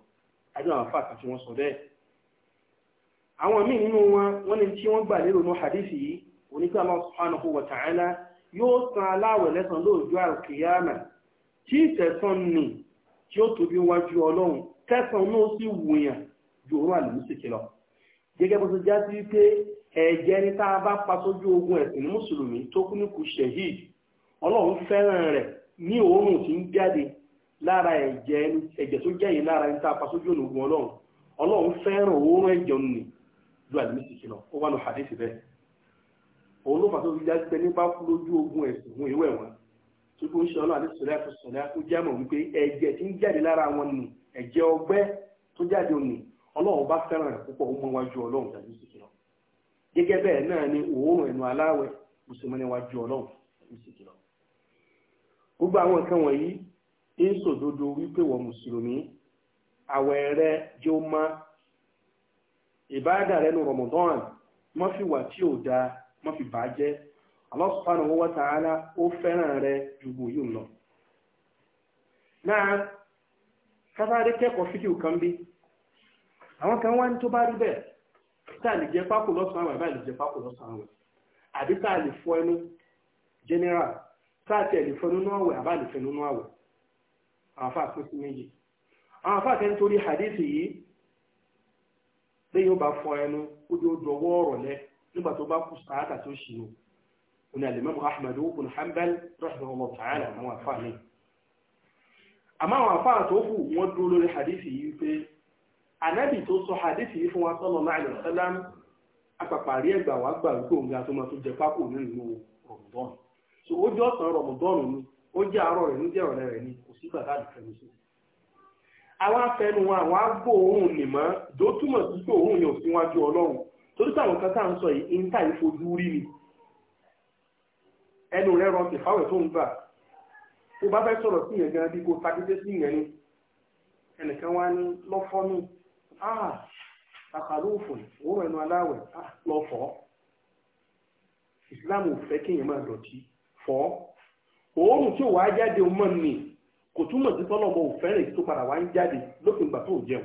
ajé àwọn afáàkà tí wọ́n sọ bẹ́ẹ̀ àwọn míì nínú wọn wọ́n ní tí wọ́n gbà lérò ní hadisi yìí oníkẹ́ Allah subhanahu wa ta'ala yóò san aláwẹ̀ lẹ́san lóòjọ́ àkìyàmà tí ìtẹ̀sán nì tí ó tóbi wájú ọlọ́run kẹsàn náà sì wùyàn ju òun àlùmísìkì lọ gẹ́gẹ́ bó ṣe já sí pé ẹ̀jẹ̀ ni tá a bá pa sójú ogun ẹ̀sìn mùsùlùmí tó kú níkù shahid ọlọ́run fẹ́ràn rẹ̀ ní òórùn tí ń jáde lára ẹ̀jẹ̀ ẹ̀jẹ̀ tó jẹ́ yìí lára ẹni tá a pa sójú ogun ọlọ́run ọlọ́run fẹ́ràn òórùn ẹ̀jẹ̀ nì ju àlùmísìkì lọ ó wà ní hadith bẹ́ẹ̀ òun ló fàtó fi jáde pé lójú ogun ẹ̀sùn fún ìwé wọn tó tó ń ṣe ọlọ́run àti sọ̀rọ̀ àti sọ̀rọ̀ àti jámọ̀ wípé ẹ̀jẹ̀ tí ń jáde lára wọn nù ẹ̀jẹ̀ ọgbẹ́ tó jáde nù ọlọ́run bá fẹ́ràn rẹ̀ púpọ̀ ó mọ ọlọ́run gẹ́gẹ́ bẹ́ẹ̀ náà ni òórùn ẹ̀nu aláwẹ̀ mùsùlùmí ni wájú ọlọ́run gbogbo wọ mùsùlùmí àwẹ̀ rẹ rẹ nu mọ́fìwà ma fi bàá jẹ́ Allah subhanahu wa o ó fẹ́ràn rẹ ju gbogbo lọ. náà kásáré kẹ́kọ̀ọ́ fídíò kan bí àwọn kan wá ní tó bá rí bẹ́ẹ̀ tá a lè jẹ pákó lọ́sàn-án àwẹ̀ bá a lè jẹ pákó lọ́sàn-án àbí tá a lè fọ ẹnu general tá a tiẹ̀ lè fọ nínú àwẹ̀ àbá lè fọ nínú nígbà tó bá kú sàádà tó ṣì ní òní alimami ahmed ibn hanbal rahimahullah ta'ala àwọn àfáà ní àmọ́ àwọn àfáà tó kù wọ́n dúró lórí hadith yìí pé ànábì tó sọ hadith yìí fún wa sallallahu alaihi wasallam apàpàrí ẹgbà wá gbà wípé òun ga tó máa tó jẹ pákó nínú rọmọdọ́n so ó jẹ́ ọ̀sán rọmọdọ́n ni ó jẹ́ àárọ̀ rẹ̀ ní jẹ́ ọ̀rẹ́ rẹ̀ ni kò sí gbàgbà àdìfẹ́mi sí àwọn afẹnu àwọn agbóhùn nìmọ́ tó sí pé òun yàn síwájú ọlọ́run torí táwọn kan tá ń sọ yìí ń táì fojú rí ni ẹnu rẹ rọtì fáwẹ̀ tó ń gbà tó bá fẹ́ sọ̀rọ̀ sí yẹn gan bí kò takété sí yẹn ni ẹnìkan wá ní lọ́fọ́nù ah àkàlùfò òun ẹnu aláwẹ̀ ah lọ fọ́ ìsìláàmù ò fẹ́ kéèyàn máa dọ̀tí fọ́ òórùn tí ò wá jáde mọ́ ni kò túmọ̀ sí tọ́lọ́bọ̀ ò fẹ́rẹ̀ tó padà wá ń jáde lópin ìgbà tó jẹun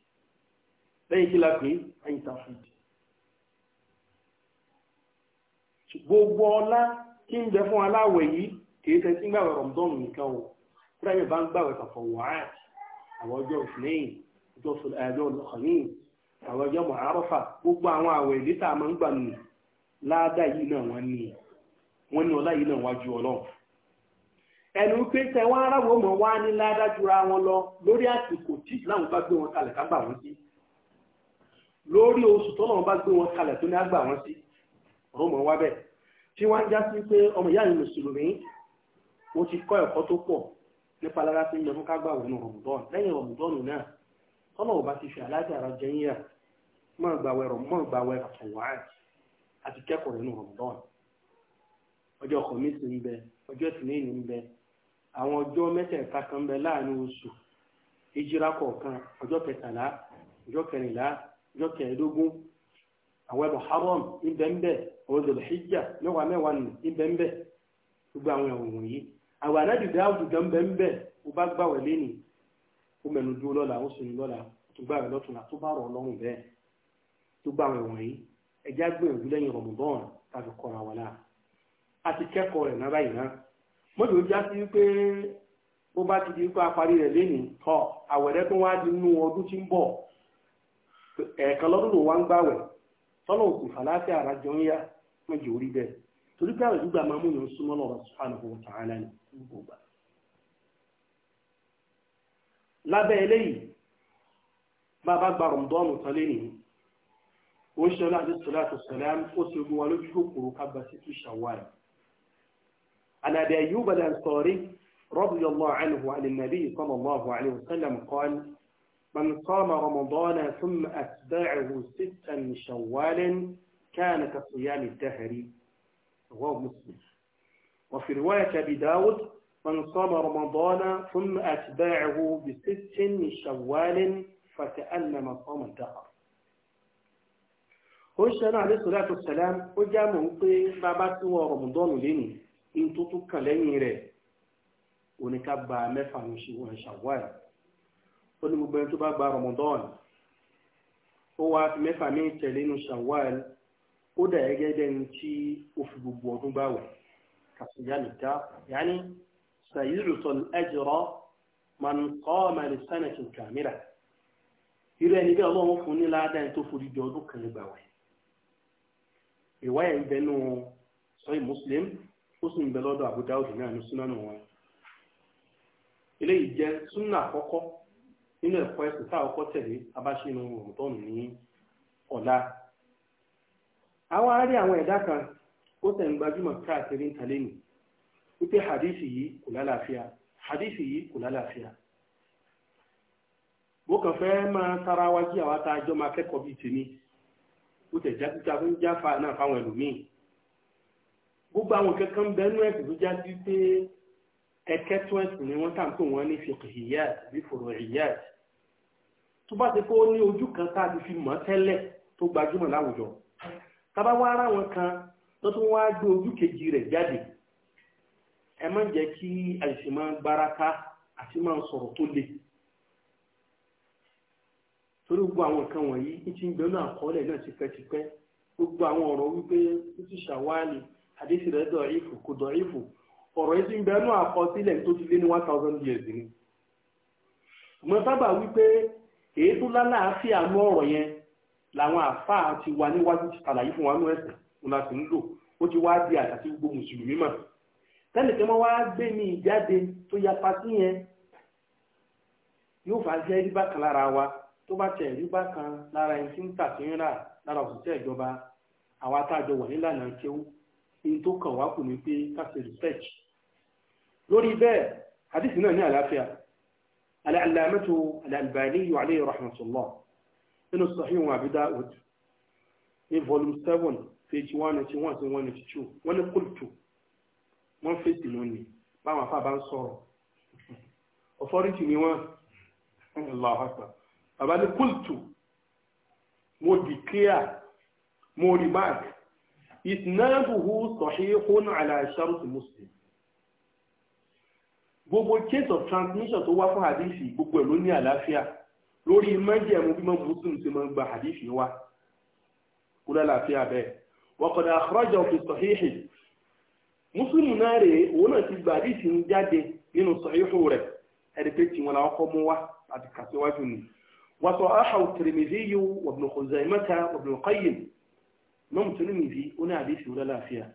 lẹ́yìn kí la pè é ẹ̀yìn tàfíìdì gbogbo ọlá kí ń bẹ fún aláwẹ̀ yìí kìí ṣe tí ń gbàwẹ̀ rọ̀mùdọ́nù nìkan o kúrẹ́yìn bá ń gbàwẹ̀ pàpọ̀ wàá àwọn ọjọ́ ìsìnlẹ̀yìn ọjọ́ ẹ̀jọ́ eh, ọ̀nìyàn àwọn ọjọ́ mọ̀hárọ́fà gbogbo àwọn àwẹ̀ ìdí tá a máa ń gbà nù láàdá yìí náà wọ́n ní wọ́n ní ọlá yìí náà wájú ọlọ́run ẹnu pé tẹ wọn aráwọ̀ mọ̀ ní ládàjúra wọn lọ lórí àsìkò tí ìsìláàmù bá gbé wọn kalẹ̀ ká gbà wọn sí lórí oṣù tọ́lọ́run bá gbé wọn kalẹ̀ tó ní àgbà wọn sí rọmọ wá bẹ́ẹ̀ tí wọ́n á já sí pé ọmọ ìyá mi mùsùlùmí wọ́n ti kọ́ ẹ̀kọ́ tó pọ̀ nípa lára tí ń yẹ fún kágbà wọnú rọmọdọ́ọ̀nù lẹ́yìn rọmọdọ́ọ̀nù náà tọ́lọ́run bá ti fi aláàjì ara jẹ́ yíyà mọ́ gbàwẹ̀ rọ̀ mọ́ gbàwẹ̀ àtọ̀wáì àti kẹ́kọ̀ọ́ ọjọ́ kẹẹ̀ẹ́dógún àwọn ẹ̀bùn haram ibẹ̀ńbẹ̀ ọ̀dọ̀ hijja mẹ́wàá mẹ́wàá nù ibẹ̀ńbẹ̀ gbogbo àwọn ẹ̀wọ̀n wọ̀nyí àwọn anábì dáàbò gan bẹ́ńbẹ̀ ó bá gbàwẹ̀ lẹ́nì ó mẹ́nu dúró lọ́la ó sinmi lọ́la tó tó bá rọ̀ bẹ́ẹ̀ tó wọ̀nyí gbìyànjú lẹ́yìn tàbí ẹ̀ẹ̀kan lọ́dún ló wá ń gbàwẹ̀ tọ́lọ̀ òkú fàlàáfíà ara jọ ń yá wọ́n jẹ́ orí bẹ́ẹ̀ torí pé àwọn ìgbà máa mú yàn súnmọ́ lọ́wọ́ subhanahu wa ta'ala ní gbogbo ìgbà. lábẹ́ eléyìí bá bá gba rọ̀mùdọ́ọ̀nù tán lé nìyí ó ṣe ọlá àti sọlá àti sọlá ó ṣe ogun wa lójú kòkòrò ká gba sí tù ṣàwárì. ànàbẹ̀ yóò bẹ̀rẹ̀ sọ̀rí رضي الله عنه عن النبي صلى الله من صام رمضان ثم أتبعه ستا من شوال كان كصيام الدهر رواه مسلم وفي رواية أبي داود من صام رمضان ثم أتبعه بست من شوال فكأنما صام الدهر هشام عليه الصلاة والسلام وجاء tó sẹ́lám ó رمضان لني إن bàbá لني wọ́n rọ̀mùdọ́nù lẹ́nu ó ní gbogbo ẹni tó bá gba Ramadan ó wá fi mẹ́fà ní ìtẹ̀lé inú Shawwal ó dà gẹ́gẹ́ dẹ́ni tí ó fi gbogbo ọdún bá wẹ̀ kàṣíyàlì dá yàní sayyidutul ajra man qama li ga kamila irú ẹni bí ọlọ́run fún ní ládàá tó forí di ọdún kan gbà wẹ̀ ìwáyà ń bẹ nù ó sì ń bẹ lọ́dọ̀ náà ní wọn eléyìí àkọ́kọ́ nínú ẹ̀kọ́ ẹ̀sìn tá àkọ́kọ́ tẹ̀lé abáṣínú ọ̀mùtọ́nù ní ọ̀la. àwa rí àwọn ẹ̀dá kan ó tẹ̀ ń gbajúmọ̀ káàkiri ń talé nì wípé hadisi yìí kò lálàáfíà hadisi yìí kò lálàáfíà. mo kàn fẹ́ máa tara wa jí àwa tá a jọ máa kẹ́kọ̀ọ́ bíi tèmi ó tẹ̀ já títa fún jáfa náà fáwọn ẹlòmíì. gbogbo àwọn kankan bẹ́ẹ̀ ẹ̀sìn tó já sí pé ẹ̀kẹ́tọ́ ẹ̀sìn ni wọ́n tà ń pè wọ́n ní fiqhiyat tó bá ti ojú kan tá a lè fi mọ̀ tẹ́lẹ̀ tó wá ara wọn kan tó tún wá gbé ojú kejì rẹ̀ jáde ẹ má jẹ́ kí àìsí máa ń baraka àti máa ń sọ̀rọ̀ tó le torí gbogbo àwọn nǹkan wọ̀nyí ní ti ń gbẹ́nu àkọọ́lẹ̀ náà tipẹ́tipẹ́ gbogbo àwọn ọ̀rọ̀ wípé ó ti ṣàwálì àdéṣe rẹ̀ dọ̀ ìfò kò èyí tó lálàáfíà mú ọ̀rọ̀ yẹn làwọn àfáà ti wà níwájú fún wa nú ẹ̀sìn òun láti ń lò ó ti wá di àṣà gbogbo mùsùlùmí mọ̀ tẹ́nìkan wá gbé tó yapa sí yẹn yóò fà jẹ́ rí bákan lára wa tó bá tẹ̀ rí bákan lára ẹni tí ń tà sí rà lára òṣìṣẹ́ ìjọba àwa tá a jọ wà nílànà kéwú ní tó kàn wá kù ní pé ká ṣe research lórí bẹ́ẹ̀ hadith náà ní العلامة الألباني عليه رحمة الله إنه الصحيح وأبي داود في فولوم 7 page 191 to 192 wọ́n ní kóòtù wọ́n fèsì lónìí báwọn afá bá ń sọ̀rọ̀ authority ni wọ́n Allahu Akbar bàbá ní kóòtù mo declare mo remark ìsìnàbùhù sahihun ala sharti Muslim gbogbo case of transmission tó wá fún hadisi gbogbo ẹ̀ ló ní àlàáfíà lórí mẹ́jẹ̀mú bí mọ́ muslim ṣe máa ń gba hadisi wa kó lálàáfíà bẹ́ẹ̀ waqad akhrajahu fi sahihi muslim náà rèé òun náà ti gba hadisi ń jáde nínú sahihu rẹ̀ ẹni pé tiwọn làwọn kọ́ mú wa àti kàṣíwájú ni wa sahahahu Tirmidhi wa Ibn Khuzaymah wa Ibn Qayyim náà Tirmidhi ó ní hadisi lálàáfíà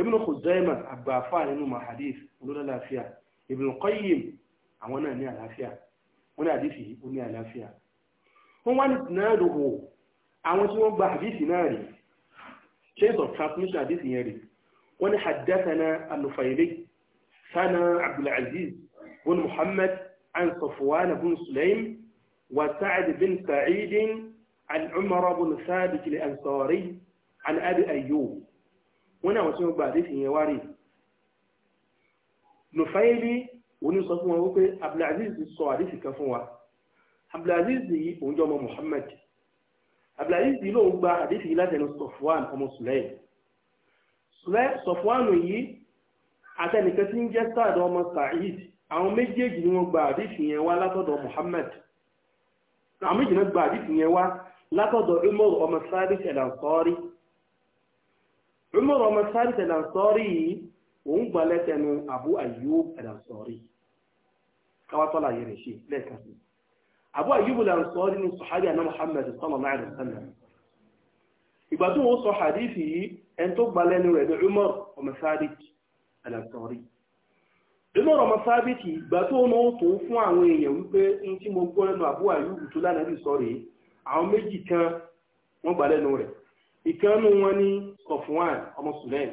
Ibn Khuzaymah àgbà àfáà nínú mahadis olólàáfíà Ibn Qayyim àwọn náà ní àlàáfíà wọ́n ní àdìsí ó ní àlàáfíà wọ́n wá ní ìtìnáàdùhù àwọn tí wọ́n gba àdìsí náà rí chains of transmission àdìsí yẹn rí wọ́n ní haddathana al-Nufayli sana Abdulaziz bin Muhammad an Safwan bin Sulaym wa Sa'd bin Sa'id an Umar bin Thabit al-Ansari an Abi Ayyub wọ́n ní àwọn tí wọ́n gba àdìsí yẹn wá rí nùfàìlì onísọ fún wọn wípé abdulaziz sọ àdìsí kan fún wa abdulaziz yìí òun jọ ọmọ muhammad abdulaziz yìí lóun gba àdìsí yìí látẹnu sọfwan ọmọ sùlẹyìn sọfwan yìí àtẹnìkan tí ń jẹ sáàdọ ọmọ sa'id àwọn méjèèjì ni wọn gba àdìsí yẹn wá látọ̀dọ̀ muhammad àwọn méjì náà gba àdìsí yẹn wá látọ̀dọ̀ umar ọmọ sáàdìsí ẹ̀dà sọ́ọ́rí umar ọmọ sáàdìsí ẹ̀dà sọ́ọ́rí yìí òun gbà lẹ́tẹ̀nu Abu ayub al-Ansari káwátọ́lá rẹ̀ ṣe lẹ́ẹ̀kan sí Abu ayub al ní sọ̀hádìí àná Muhammad sallallahu alaihi wasallam ìgbà tó wọ́n sọ hadith yìí ẹni tó gbà lẹ́nu rẹ̀ ní Umar al Umar ọmọ ìgbà tó wọ́n fún àwọn èèyàn wípé tí mo gbọ́ lẹ́nu Abu ayub tó àwọn méjì kan wọ́n gbà lẹ́nu rẹ̀ ìkan wọn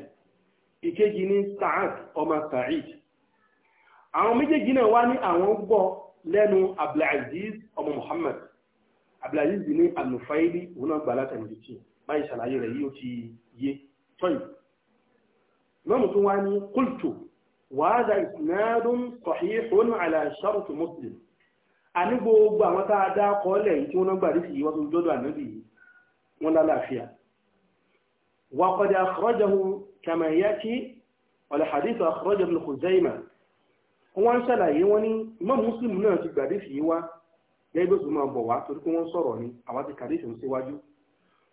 ìkejì ní Sa'ad ọmọ Sa'id àwọn méjèèjì náà wá ní àwọn gbọ́ lẹ́nu Abdulaziz ọmọ Muhammad Abdulaziz ní alufaili òun náà gbà látàrí tí báyìí ṣàlàyé rẹ̀ yóò ti yé tọ́yì mọ́mù tó wá ní qultu wàhádà isnadun sahihun ala shart Muslim a ní gbogbo àwọn tá a dá kọ́lẹ̀ tí wọ́n gbà rí sí jọ́dọ̀ ànábì كما يأتي والحديث أخرجه ابن خزيمة wọ́n ṣàlàyé wọ́n ní imam muslim náà ti gbàdé sí wá gẹ́gẹ́ bí ó sì máa bọ̀ wá torí pé wọ́n sọ̀rọ̀ ni àwọn ti kàdé ìṣòro síwájú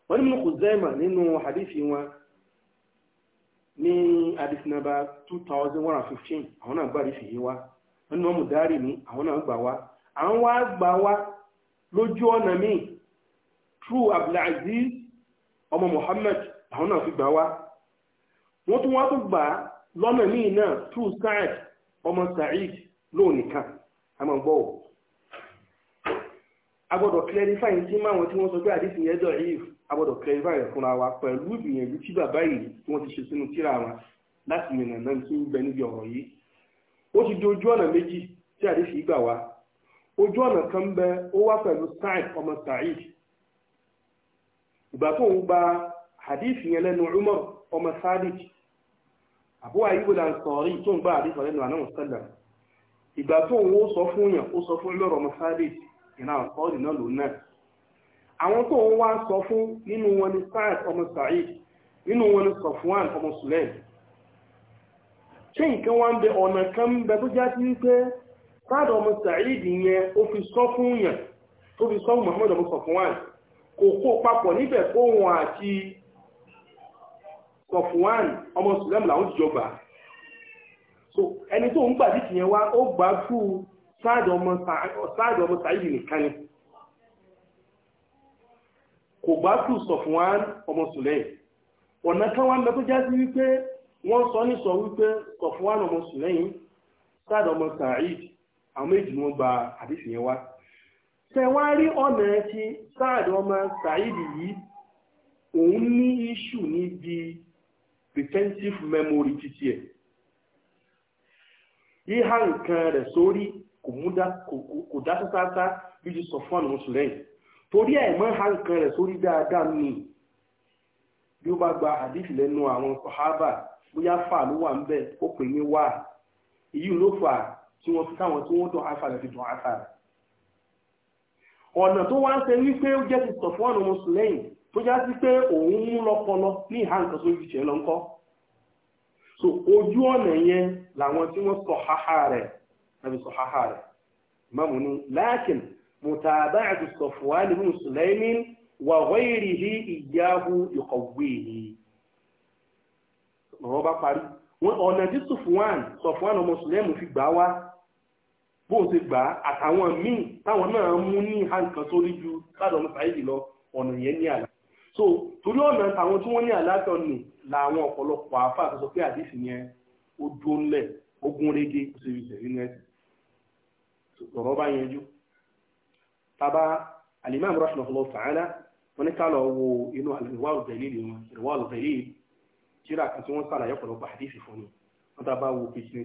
wọ́n ní ibn Khuzaimah nínú hadithi wọn ní hadith nàbà two thousand one hundred fifteen àwọn náà gbàdé sí wá wọ́n ní mọ́mú dárì ní àwọn náà gbà wá àwọn wá gbà wá lójú ọ̀nà míì true Abdulaziz ọmọ Muhammad àwọn náà fi gbà wá wọ́n tún wá tún gbà á lọ́nà míì náà ọmọ Sa'id lóun gbọ́ ò clarify tí máa tí wọ́n sọ pé àdéhùn yẹn dọ̀ yìí clarify fúnra wa pẹ̀lú ìgbìyànjú bàbá yìí tí wọ́n ti ṣe sínú tíra wọn láti mìíràn náà tí ń bẹ níbi ọ̀rọ̀ yìí ti di ojú ọ̀nà méjì tí àdéhùn gbà wá ojú ọ̀nà àbúwà yìí wòlà sọ̀rí tó ń gbá àdìsọ̀ lẹ́nu àná òsẹ́lẹ̀ ìgbà tó ń wó sọ fún yàn ó sọ fún lọ́rọ̀ ọmọ sáàdìs ìran àsọ́ọ̀dì náà lòun náà àwọn tó ń wá sọ fún nínú wọn ni sáàd ọmọ wọn ni ọmọ sùlẹ̀m ṣé nǹkan wá ń bẹ ọ̀nà kan ń bẹ tó fi sọ fún yàn tó fi sọ fún ọmọ sọfùwán ọmọ sùlẹ́mù làwọn jìjọ so ẹni tó ń gbà dìtì yẹn wá ó gbà fú sáàdì ọmọ sàìdì nìkan ni kò gbà fú sọfùwán ọmọ sùlẹ́mù ọ̀nà kan wá ń bẹ tó já sí wípé wọ́n sọ ní sọ wípé sọfùwán ọmọ sùlẹ́mù sáàdì ọmọ sàìdì àwọn méjì ni wọ́n gba àdìsì yẹn wá tẹwárí ọ̀nà ti sáàdì ọmọ sàìdì yìí òun ní iṣù níbi retentive memory títí ẹ̀ yíhá nǹkan rẹ̀ sórí kò bí ju sọ torí ẹ̀ mọ́ há nǹkan rẹ̀ sórí dáadáa ni bí ó bá gba àdìsí lẹ́nu àwọn sàhábà bóyá fà ló wà ń bẹ̀ ó pè ní wà èyí ló fà tí wọ́n fi káwọn tí dán afa fi dán afa ọ̀nà tó wá ń ṣe wípé ó tó já sí pé òun mú lọ́pọlọ ní ìhà nǹkan sójú ìṣẹ́ lọ ń so ojú ọ̀nà yẹn làwọn tí wọ́n sọ haha rẹ̀ tàbí sọ haha rẹ̀ ìmáàmù ní láàkìn mutaba'atu Safwan ibn Sulaymin wa ghayrihi iyyahu yuqawwihi lọ́rọ́ bá parí wọn ọ̀nà tí Safwan Safwan ọmọ Sulaymin fi gbà wá bó ṣe gbà àtàwọn míì táwọn náà mú ní ìhà nǹkan sórí ju sádọ̀mù sáyédì lọ ọ̀nà yẹn ní àlá so torí ọ̀nà àwọn tí wọ́n ní àlàtọ̀ nì làwọn ọ̀pọ̀lọpọ̀ àáfà tó sọ pé àdìsí yẹn ó dúró ńlẹ̀ ó gún régé ó sì rí ìṣẹ̀rí nínú ẹ̀sìn lọ́rọ́ bá yanjú tábà alimam rahimahullah ta'ala wọn ní kálọ̀ wo inú ìwà al-dalil wọn ìwà al-dalil tíra kan tí wọ́n sàlàyé ọ̀pọ̀lọpọ̀ àdìsí fún ni wọ́n tábà wo pèsè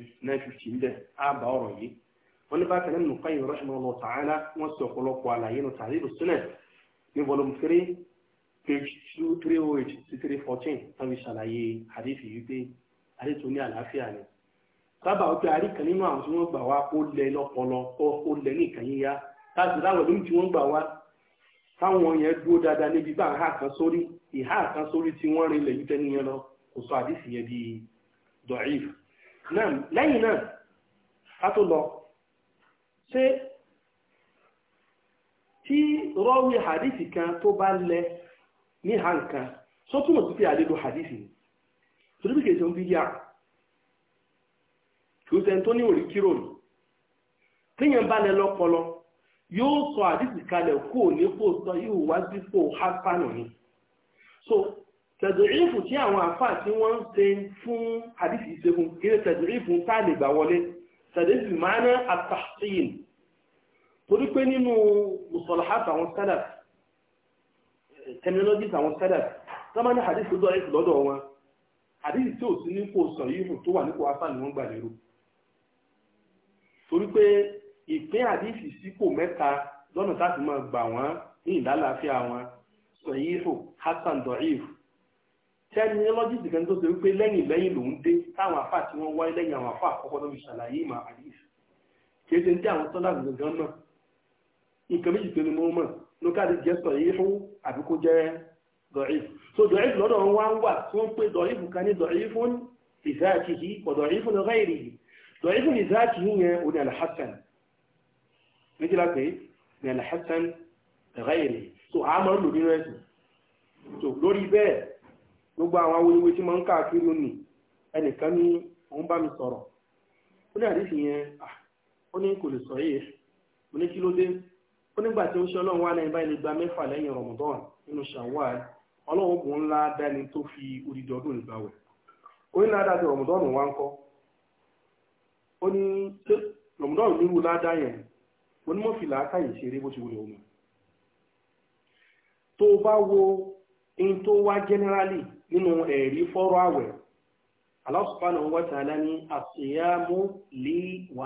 nine page two three oh eight sí three fourteen wọ́n fi ṣàlàyé àdéhùn yìí pé àdéhùn ní àlàáfíà ni sábà wípé a rí kan nínú àwọn tí wọ́n gbà wá kó lẹ lọ́pọlọ kó lẹ ní ìkànnìyà láti láwọn ìlú tí wọ́n gbà wá táwọn yẹn dúró dáadáa níbi bá ìhà kan sórí ìhà kan sórí tí wọ́n rí lẹ́yìn tẹ́ni yẹn lọ kò sọ àdéhùn yẹn di dọ̀ìf náà lẹ́yìn náà ká tó lọ ṣé tí rọ́wé àdéhùn kan tó bá lẹ ní ha nǹkan sọ túmọ̀ sí pé àlelo hadithi ni torí bíkẹ́ ṣe ń bí yá kí o ṣe ń tó ní orí kírò ní téèyàn bá lẹ lọ́pọlọ yóò sọ hadithi kalẹ̀ kó o ní kó o sọ yóò wá sí kó o há sánà ni so tẹ̀dùrífù tí àwọn àfáà tí wọ́n ń ṣe fún hadithi ṣe kí ni tẹ̀dùrífù tá lè gbà wọlé tẹ̀dùrífù máa ná àtàṣìyìn torí pé nínú mùsọ̀lá àtàwọn sálàf terminologies àwọn standard sọ́mọ́ ní hadith tó dọ̀rẹ́ lọ́dọ̀ wọn hadith tí ò sí nípò sọ yíhù tó wà nípò hasan ni wọ́n gbà lérò torí pé ìpín hadith sípò mẹ́ta lọ́nà táti máa gbà wọ́n ní ìdálàáfíà wọn hasan terminologies kan tó ṣe wípé lẹ́yìn lẹ́yìn lòún dé táwọn afá tí wọ́n wáyé lẹ́yìn àwọn afá àkọ́kọ́ tó fi ṣàlàyé ìmọ̀ hadith kì nǹkan méjì pé ni mo mọ̀ ló káàdì jẹ́ sọ àbí kó jẹ́ dọ̀ìf so dọ̀ìf lọ́dọ̀ wọn wá ń wà tí wọ́n pé dọ̀ìf kan ní dọ̀ìf fún ìsáàkìhì pọ̀ dọ̀ìf fún ọ̀gáìrì yìí fún ìsáàkìhì yẹn ò ní alhassan méjìlá pé ní alhassan ọ̀gáìrì so àmọ́ lò nínú ẹ̀sìn so lórí bẹ́ẹ̀ gbogbo àwọn awoniwe tí mo ń káàkiri òní ẹnìkan ní òun bá mi sọ̀rọ̀ ó ní àdéhùn yẹn ah, ó ní kò lè sọ ó nígbà tí ó ń ṣe ọlọ́run wá náà ibà ilé gba mẹ́fà lẹ́yìn Ramadan nínú Shawwal ọlọ́run kò ńlá dání tó fi odidi ọdún ìgbà wẹ̀ ó ní ládàá ti Ramadan wá ń kọ́ ó ní Ramadan nírú ládàá yẹn onímọ̀ fìlà ṣeré bó ti wọlé omi tó bá wo in tó wá generally nínú ẹ̀rí fọ́rọ̀ àwẹ̀ wa ta'ala ní àṣeyàmú lè wà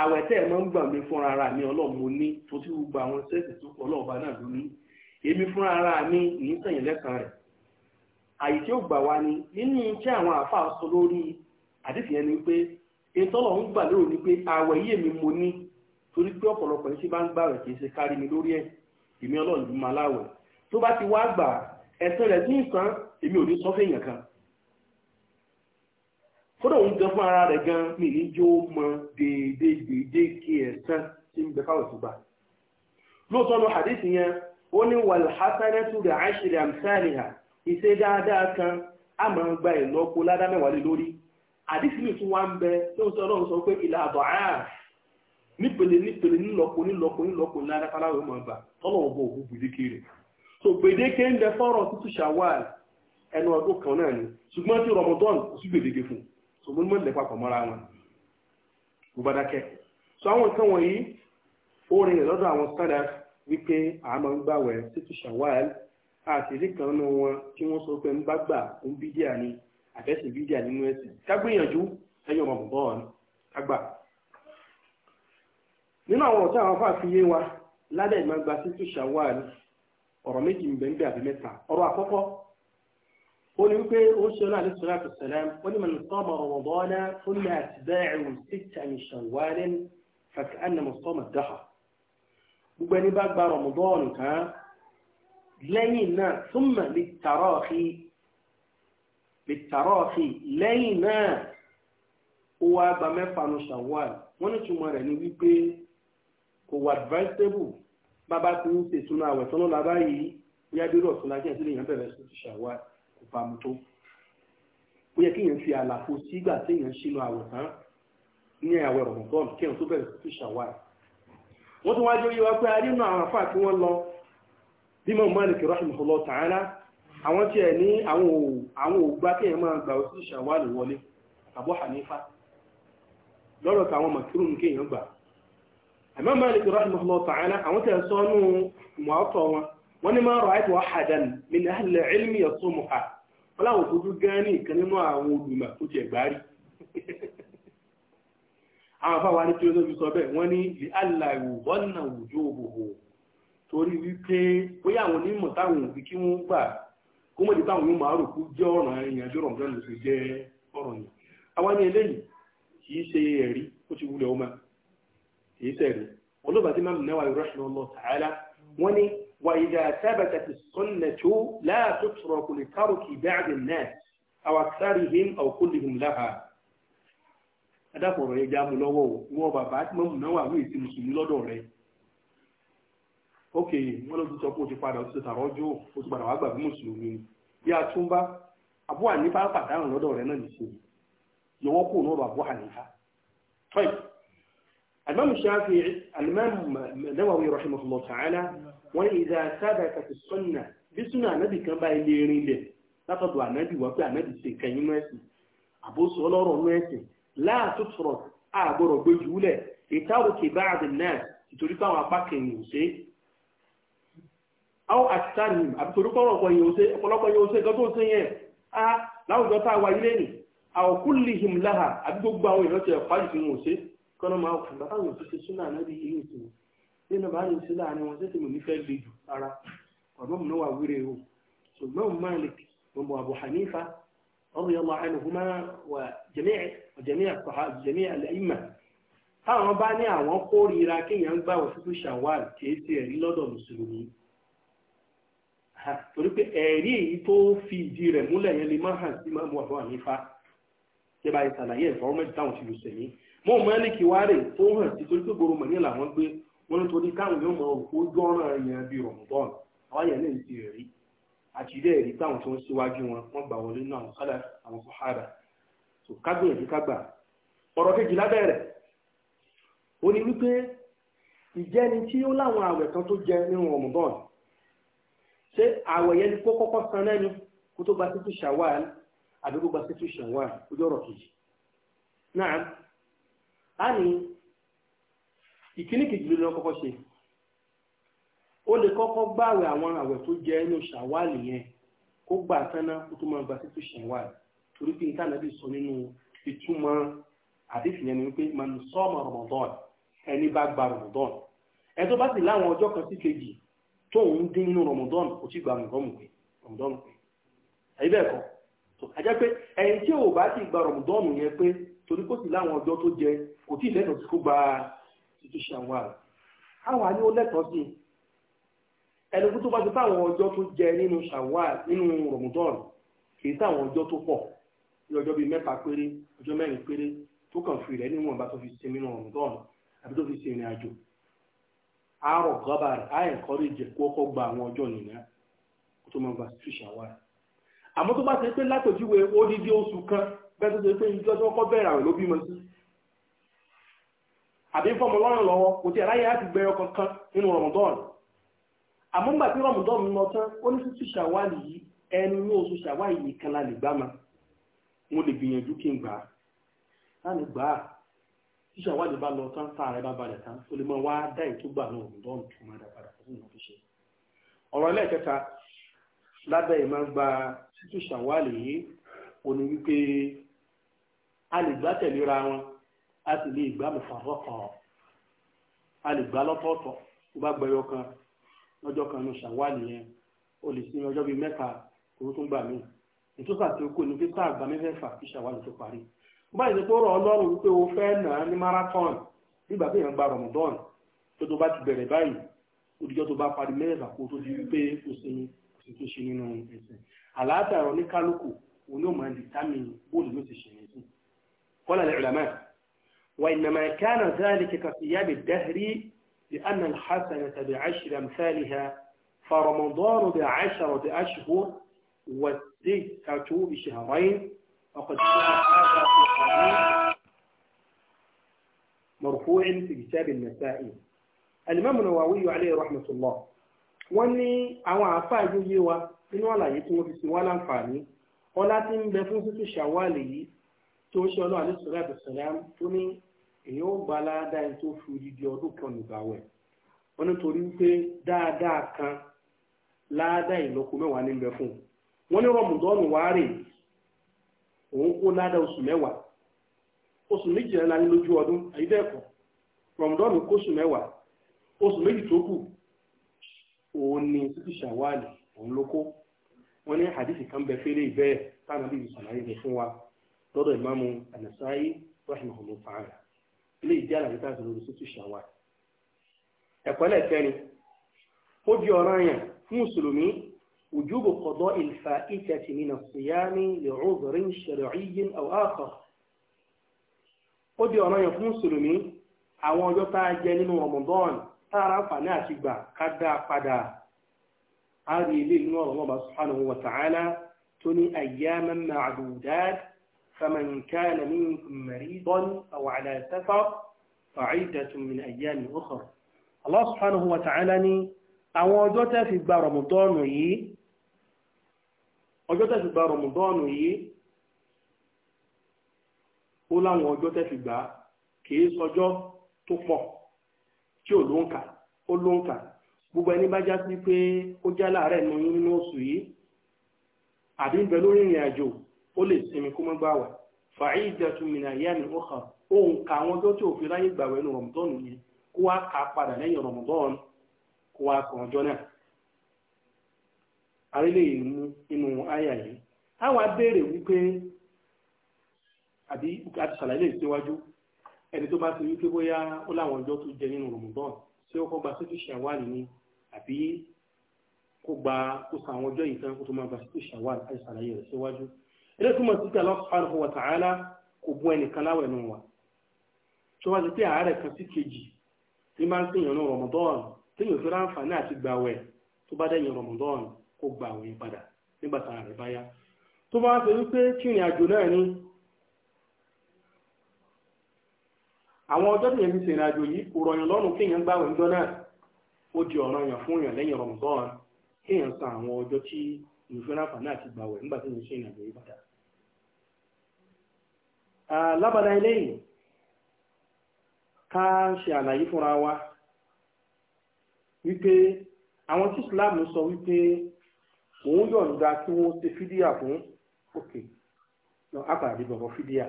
àwẹ̀ tẹ́ ẹ̀ máa ń gbà mí fúnra ara mi ọlọ́run mo ní tó ti gba àwọn sẹ́ẹ̀sì tó kọ ọlọ́ọ̀bá náà ló ní èmi fúnra ara mi ní sẹ̀yìn lẹ́sàn rẹ̀ àyè tí ó gbà wá ni nínú tí àwọn àáfàá sọ lórí àdìsí yẹn ni pé ètò ọlọ́run gbà lérò ni pé àwẹ̀ yìí èmi mo ní torí pé ọ̀pọ̀lọpọ̀ yìí ṣe bá ń gbà rẹ̀ kì í ṣe kárí mi lórí ẹ̀ èmi ọlọ́run ló máa láwẹ̀ tó bá ti wá gbà ẹ̀sìn rẹ̀ ní ìsàn èmi ò ní sọ fẹ́yìn kódà òun gan fún ara rẹ̀ gan mi ní jó mọ déédéé déédéé kí ẹ̀sán tí ń bẹ fáwọn ìtúgbà lóòótọ́ lọ hadith yẹn ó ní wàlhásánẹ́tù rẹ̀ àṣírí àmsáàlìhà ìṣe dáadáa kan a máa ń gba ìlọ́po ládámẹ́wàá lé lórí hadith mi tún wá ń bẹ tí ó sọ ọlọ́run sọ pé ìlà àbọ̀ àá nípele nípele nílọ́po nílọ́po nílọ́po ńlá dákàláwé máa bà tọ́lọ̀ ọ̀bọ̀ òkú gbèdéke rẹ̀ so gbèdéke ń bẹ fọ́rọ̀ tútù ṣàwáàlì ẹnu ọdún kan náà ni ṣùgbọ́n tí rọmọdọ́n kò sí gbèdéke fún un ṣùgbọ́n mọ̀ lẹ́ papọ̀ mọ́ra wọn kò bá dákẹ́ so àwọn nǹkan wọ̀nyí ó rìn rìn lọ́dọ̀ àwọn standard wípé a máa ń gbàwẹ̀ títí ṣàwáàl àti ìdí kan nínú wọn tí wọ́n sọ pé ń bá gbà ń bídíà ni àfẹ́sìn bídíà nínú ẹ̀sìn kágbìyànjú ẹ̀yìn ọmọ bọ̀bọ̀ ọ̀nà kágbà. nínú àwọn ọ̀tá àwọn afáàfi yé wa ládẹ́ ìmọ̀ gba títí ṣàwáàl ọ̀rọ̀ méjì ń bẹ ń bẹ àbí mẹ́ta ọ̀rọ̀ àkọ́kọ́ ó ní wípé ó ń ṣe ọ́nà àdé sọ́nà àti sẹ́lẹ̀m ó ní mọ̀nà sọ́mọ̀ ọ̀rọ̀dọ́nà tó ní àtibẹ́ẹ̀rù síta ní ṣàwálẹ̀ fàkà ánà mọ̀sọ́mọ̀ dáhà gbogbo ẹni bá gba rọ̀mọ̀dọ́n kan lẹ́yìn náà súnmọ̀ lè tààrọ̀ ọ̀fì lẹ́yìn náà ó wá gba mẹ́fà ní ṣàwálẹ̀ wọ́n ní túmọ̀ rẹ̀ ní wípé kò wà advisable bàbá tí ń ṣètúnú àwẹ̀ tọ́nú kò bá mu tó ó yẹ fi àlàfo sígbà téèyàn ṣínú àwẹ̀ tán ní àwẹ̀ rọ̀mọ̀tọ́ọ̀nù kéèyàn tó bẹ̀rẹ̀ sí ṣàwáì wọ́n tún wájú yíwá pé a nínú àwọn àfáà tí wọ́n lọ bí mọ̀ Málíkì rahimahullah ta'ala àwọn tí ẹ̀ ní àwọn ògbá kí ẹ̀mọ́ àgbà òsì ṣàwálì wọlé lọ́rọ̀ gbà àwọn sọ́nù wọn wani m máa rọ̀áìtì wọ́n hàdán min ahli ilmi yasumu ha wọ́n láwọn òfúrú gan ní ìkan nínú àwọn olùmọ̀ tó jẹ gbárí àwọn afáwa ní tí ó tóbi sọ bẹ́ẹ̀ wọ́n ní lè aláìwò wọ́nà òjò òbòbò torí wípé bóyá àwọn onímọ̀ táwọn òbí kí wọ́n gbà kó mọ̀ nípa àwọn jẹ́ ọ̀ràn ló jẹ́ yẹn àwa ní eléyìí kì í ṣe ẹ̀rí ó ti وإذا ثبتت السنة لا تترك لترك بعض الناس أو أكثرهم أو كلهم لها adáfọ̀ rẹ̀ já mu lọ́wọ́ o wọ́n bàbá tí mọ́mù náà wà ní ìsìn mùsùlùmí lọ́dọ̀ rẹ̀ ókè wọ́n ló ti sọ pé o ti padà o ti tààrọ̀ ọjọ́ o ti padà wá gbàgbé mùsùlùmí bí a tún bá Abu Hanifa pàdánù lọ́dọ̀ rẹ̀ náà nìṣẹ́ yọwọ́ kó náà Abu Hanifa tọ́yì alimami Shafi'i alimami Nawawi rahimahullah ta'ala wọ́n ìdá sábàkà ti sọ́nà bí súnà ànábì kan bá ilé rin lẹ̀ látọ̀dọ̀ ànábì wá pé ànábì ṣe kẹyìn mọ́ ẹ̀sìn àbóso ọlọ́rọ̀ mọ́ ẹ̀sìn láàtú sọ̀rọ̀ àgbọ̀rọ̀ gbójú lẹ̀ ìtàrùkì bá àdìn náà ìtorí káwọn apá kẹyìn ò ṣe. àwọn àtìtàní àbítorí pọ̀rọ̀pọ̀ yẹn ò ṣe ọ̀pọ̀lọpọ̀ yẹn ò ṣe ṣe yẹn a nínú bá yìí sí láàrin wọn tètè mò ní fẹ́ le jù ara ọ̀gbọ́n mi náà wà wíre o ṣùgbọ́n mo Malik mo Abu Hanifa radiyallahu anhuma wa jami' jami' as-sahaba jami' al-a'imma táwọn bá ní àwọn kórìíra kéèyàn gbà wọ́n sípò Shawwal kìí ṣe ẹ̀rí lọ́dọ̀ mùsùlùmí torí pé ẹ̀rí èyí tó fi ìdí rẹ̀ múlẹ̀ yẹn lè má hàn sí mọ́ Abu Hanifa ṣe bá ìsàlàyé ẹ̀fọ́ mẹ́ta táwọn ti lù sẹ̀mí mọ́ Malik wárè tó hàn sí torí pé gbòòrò mọ̀ wọ́n nítorí káwọn yóò mọ ojú ọ̀ràn èèyàn bíi rọ̀mùbọ́ọ̀nù àwọn yẹn lè ti rí àtìlẹ́ èrí táwọn tó ń síwájú wọn wọ́n gbà wọlé náà àwọn sálà àwọn sọ̀hárà tó kágbìyànjú kágbà ọ̀rọ̀ kejì lábẹ́rẹ̀ ó ní wípé ìjẹni tí ó láwọn àwẹ̀ kan tó jẹ nínú rọ̀mùbọ́ọ̀nù ṣé àwẹ̀ yẹn kó kọ́kọ́ san lẹ́nu kó tó gba títú ṣàwáàlì àbí kó gba títú ṣàwáàlì ojú ọ̀rọ̀ kejì náà á ní ìkíní kejì ló lọ kọ́kọ́ ṣe ó lè kọ́kọ́ gbààwẹ̀ àwọn àwẹ̀ tó jẹ́ inú ṣàwálì yẹn kó gbà tánná kó tó máa gbà sí tó ṣàwálì torí pé níta nàbí sọ nínú ìtumọ̀ àdéhùn yẹn ni wípé man sọ́ọ̀mà Ramadan ẹni bá gba Ramadan ẹ tó bá sì láwọn ọjọ́ kan sí kejì tó ń dín nínú Ramadan kò tí gba Ramadan pé Ramadan pé ẹ̀yí bẹ́ẹ̀ kọ́ tó ajá pé ẹni tí ò bá ti gba Ramadan yẹn pé torí kó sì láwọn ọjọ́ tó jẹ kò tí ì lẹ́tọ̀ọ́ títí ṣàwà àwa ni ó lẹ́tọ̀ọ́ sí ẹnukú tó bá ti báwọn ọjọ́ tó jẹ nínú ṣàwà nínú rọ̀mùtọ́ọ̀n kì í sáwọn ọjọ́ tó pọ̀ ní ọjọ́ bíi mẹ́ta péré ọjọ́ mẹ́rin péré tó kàn fi rẹ̀ níwọ̀n bá tó fi sinmi nínú rọ̀mùtọ́ọ̀n àbí tó fi sin ìrìn àjò àárọ̀ gọ́bà àìkọ́rí jẹ́ kó kọ́ gba àwọn ọjọ́ nìyẹn kó tó máa gba títí ṣàwà àmọ́ tó bá ti pé lápèjúwe ó dídí oṣù kan bẹ́ẹ̀ tó ti pé ìjọ́jọ́ kọ́ bẹ̀rẹ̀ àwẹ̀ ló bímọ sí àbí fọ́mọ lọ́rùn lọ́wọ́ kò tí ẹ̀ráyé láti gbẹ̀yọ kankan nínú Ramadan àmọ́ nígbà tí Ramadan lọ tán ó ní tútù ṣàwálì yìí ẹnu ní oṣù ṣàwálì yìí kan la lè gbá ma mo lè gbìyànjú kí n gbà á láti gbà á tí ṣàwálì bá lọ tán tá ààrẹ bá balẹ̀ tán ó lè mọ wá dá ìtúgbà náà Ramadan tó máa dá padà fún ìwọ̀n fi ọ̀rọ̀ ẹlẹ́ẹ̀kẹta lábẹ́ ìmọ̀ gba tútù yìí ó ní wípé a lè gbá tẹ̀léra wọn a sì lè gbá mùfàrọ́ kan a lè gbá lọ́tọ̀ọ̀tọ̀ tó bá gbẹyọ kan lọ́jọ́ kan ní ṣàwálì yẹn o lè sinmi ọjọ́ bíi mẹ́ta kó tó gbà mí ìtúsà tí ó kó ní pípa àgbà mẹ́fẹ̀ẹ́fà kí ṣàwálì tó parí báyìí ni kó rọ ọlọ́run wípé o fẹ́ nà á ní marathon nígbà tí èèyàn gba ramadan tó tó bá ti bẹ̀rẹ̀ báyìí olùjọ́ tó bá parí mẹ́fà kó tó di wípé o sinmi kò sì tún ṣe nínú ẹ̀sìn àlàáfíà rọ ní kálukú òun yóò máa dìtámì bóòlù ló ti ṣe nìyí kọ́lá ilẹ̀ ìlànà وإنما كان ذلك كصيام الدهر لأن الحسنة بعشر أمثالها فرمضان بعشرة أشهر والستة بشهرين وقد جاء هذا في حديث مرفوع في كتاب النسائي الإمام النووي عليه رحمة الله واني أو àwọn يجيوا إن ولا يكون في سوال wọ́n ولكن sin wá توشي الله عليه الصلاة والسلام fún èyí ó gba aláàdá ẹni tó fi odidi ọdún kan nìgbàwẹ̀ wọn torí pé dáadáa kan láàdá ìlọ́po mẹ́wàá níbẹ̀ fún wọn ní rọmùdọ́nù wá òun kó oṣù mẹ́wàá oṣù ní lójú ọdún oṣù mẹ́wàá oṣù méjì tó kù òun títí òun ló kó wọn ní kan bẹ fẹ́rẹ́ ìbẹ́ẹ̀ ilé ìdí àlàyé tá a sọ̀rọ̀ lóṣù ṣàwà ẹ̀kọ́ ẹlẹ́kẹrin ó di ọ̀ranyàn fún mùsùlùmí wujubu qada'i al-fa'itati min as-siyami li'udhrin shar'iyyin aw akhar ó di ọ̀ranyàn fún mùsùlùmí àwọn ọjọ́ tá a jẹ nínú Ramadan tá a àti gbà ká dá padà á rí ilé nínú ọ̀rọ̀ Subhanahu wa ta'ala فمن كان منكم مريضا أو على سفر فعيدة من أيام أخرى الله سبحانه وتعالى ni àwọn ọjọ́ tẹ́ fi gba rọmùdọ́nù yìí ọjọ́ tẹ́ fi gba rọmùdọ́nù yìí ó láwọn ọjọ́ tẹ́ fi gbà kìí sọjọ́ tó pọ̀ tí ò lóǹkà ó lóǹkà gbogbo ẹni bá já pé ó já láàárẹ̀ nínú oṣù yìí àbí ń bẹ lórí ìrìn àjò ó lè sinmi kó mọ́ gbà wà fàáyé ìjẹ́tù mìíràn yá ni ó kàn òun ka àwọn ọjọ́ tí òfin láyé gbà wẹ́nu rọ̀mùtọ́nù yẹn kó wá ka padà lẹ́yìn rọ̀mùtọ́nù kó wá kàn ọjọ́ náà àrílẹ̀ ìmú nínú àyà yìí àwọn abéèrè wípé àbí àti ṣàlàyé lè síwájú ẹni tó bá ti wípé bóyá ó láwọn ọjọ́ tó jẹ nínú rọ̀mùtọ́nù tí ó kọ́ gba sókè ṣàwálì ni àbí kó gba kó sa àwọn ọjọ́ yìí tán kó tó máa gba sókè ṣàwálì àti ṣàlàyé rẹ̀ síwájú. eré túmọ̀ sí pé Allah subhanahu wa ta'ala kò bu ẹnìkan láwẹ̀ nù wa tó wá sí pé àárẹ̀ kan sí kejì ní máa ń sèyàn ní Ramadan téèyàn fi ráǹfààní àti tó bá dẹ̀yìn Ramadan kó gbàwẹ̀ padà nígbà tá àárẹ̀ bá tó bá wá wípé kí àjò náà àwọn ọjọ́ fi àjò yìí kò lọ́rùn gbàwẹ̀ náà ó di ọ̀ràn yàn fún yàn lẹ́yìn san àwọn ọjọ́ Ah, lábàdá eléyìí ká ṣe àlàyé fúnra wa wípé àwọn tí Islam sọ wípé òun yọ̀ǹda kí wọ́n ṣe fídíà fún òkè lọ àpàdé bọ̀bọ̀ fídíà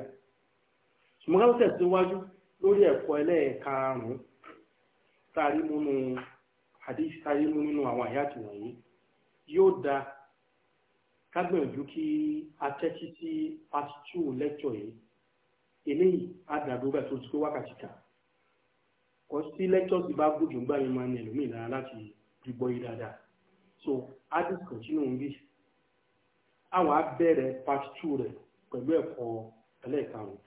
ṣùgbọ́n káwọn tẹ̀síwájú lórí ẹ̀kọ́ ẹlẹ́ẹ̀karùn-ún tàrí múnú hadith tàrí mú nínú àwọn àyàtì wọ̀nyí yóò da kágbìyànjú kí a tẹ́tí sí past two yìí eléyìí àdàdúrà tó ti pé wákàtí kan kọ sí si bá gùn jù ń gbà mí máa ń yẹn lómi láti yìí so adis continue ń bí àwọn abẹ́rẹ́ part two rẹ̀ pẹ̀lú ẹ̀kọ́ ẹlẹ́ẹ̀karùn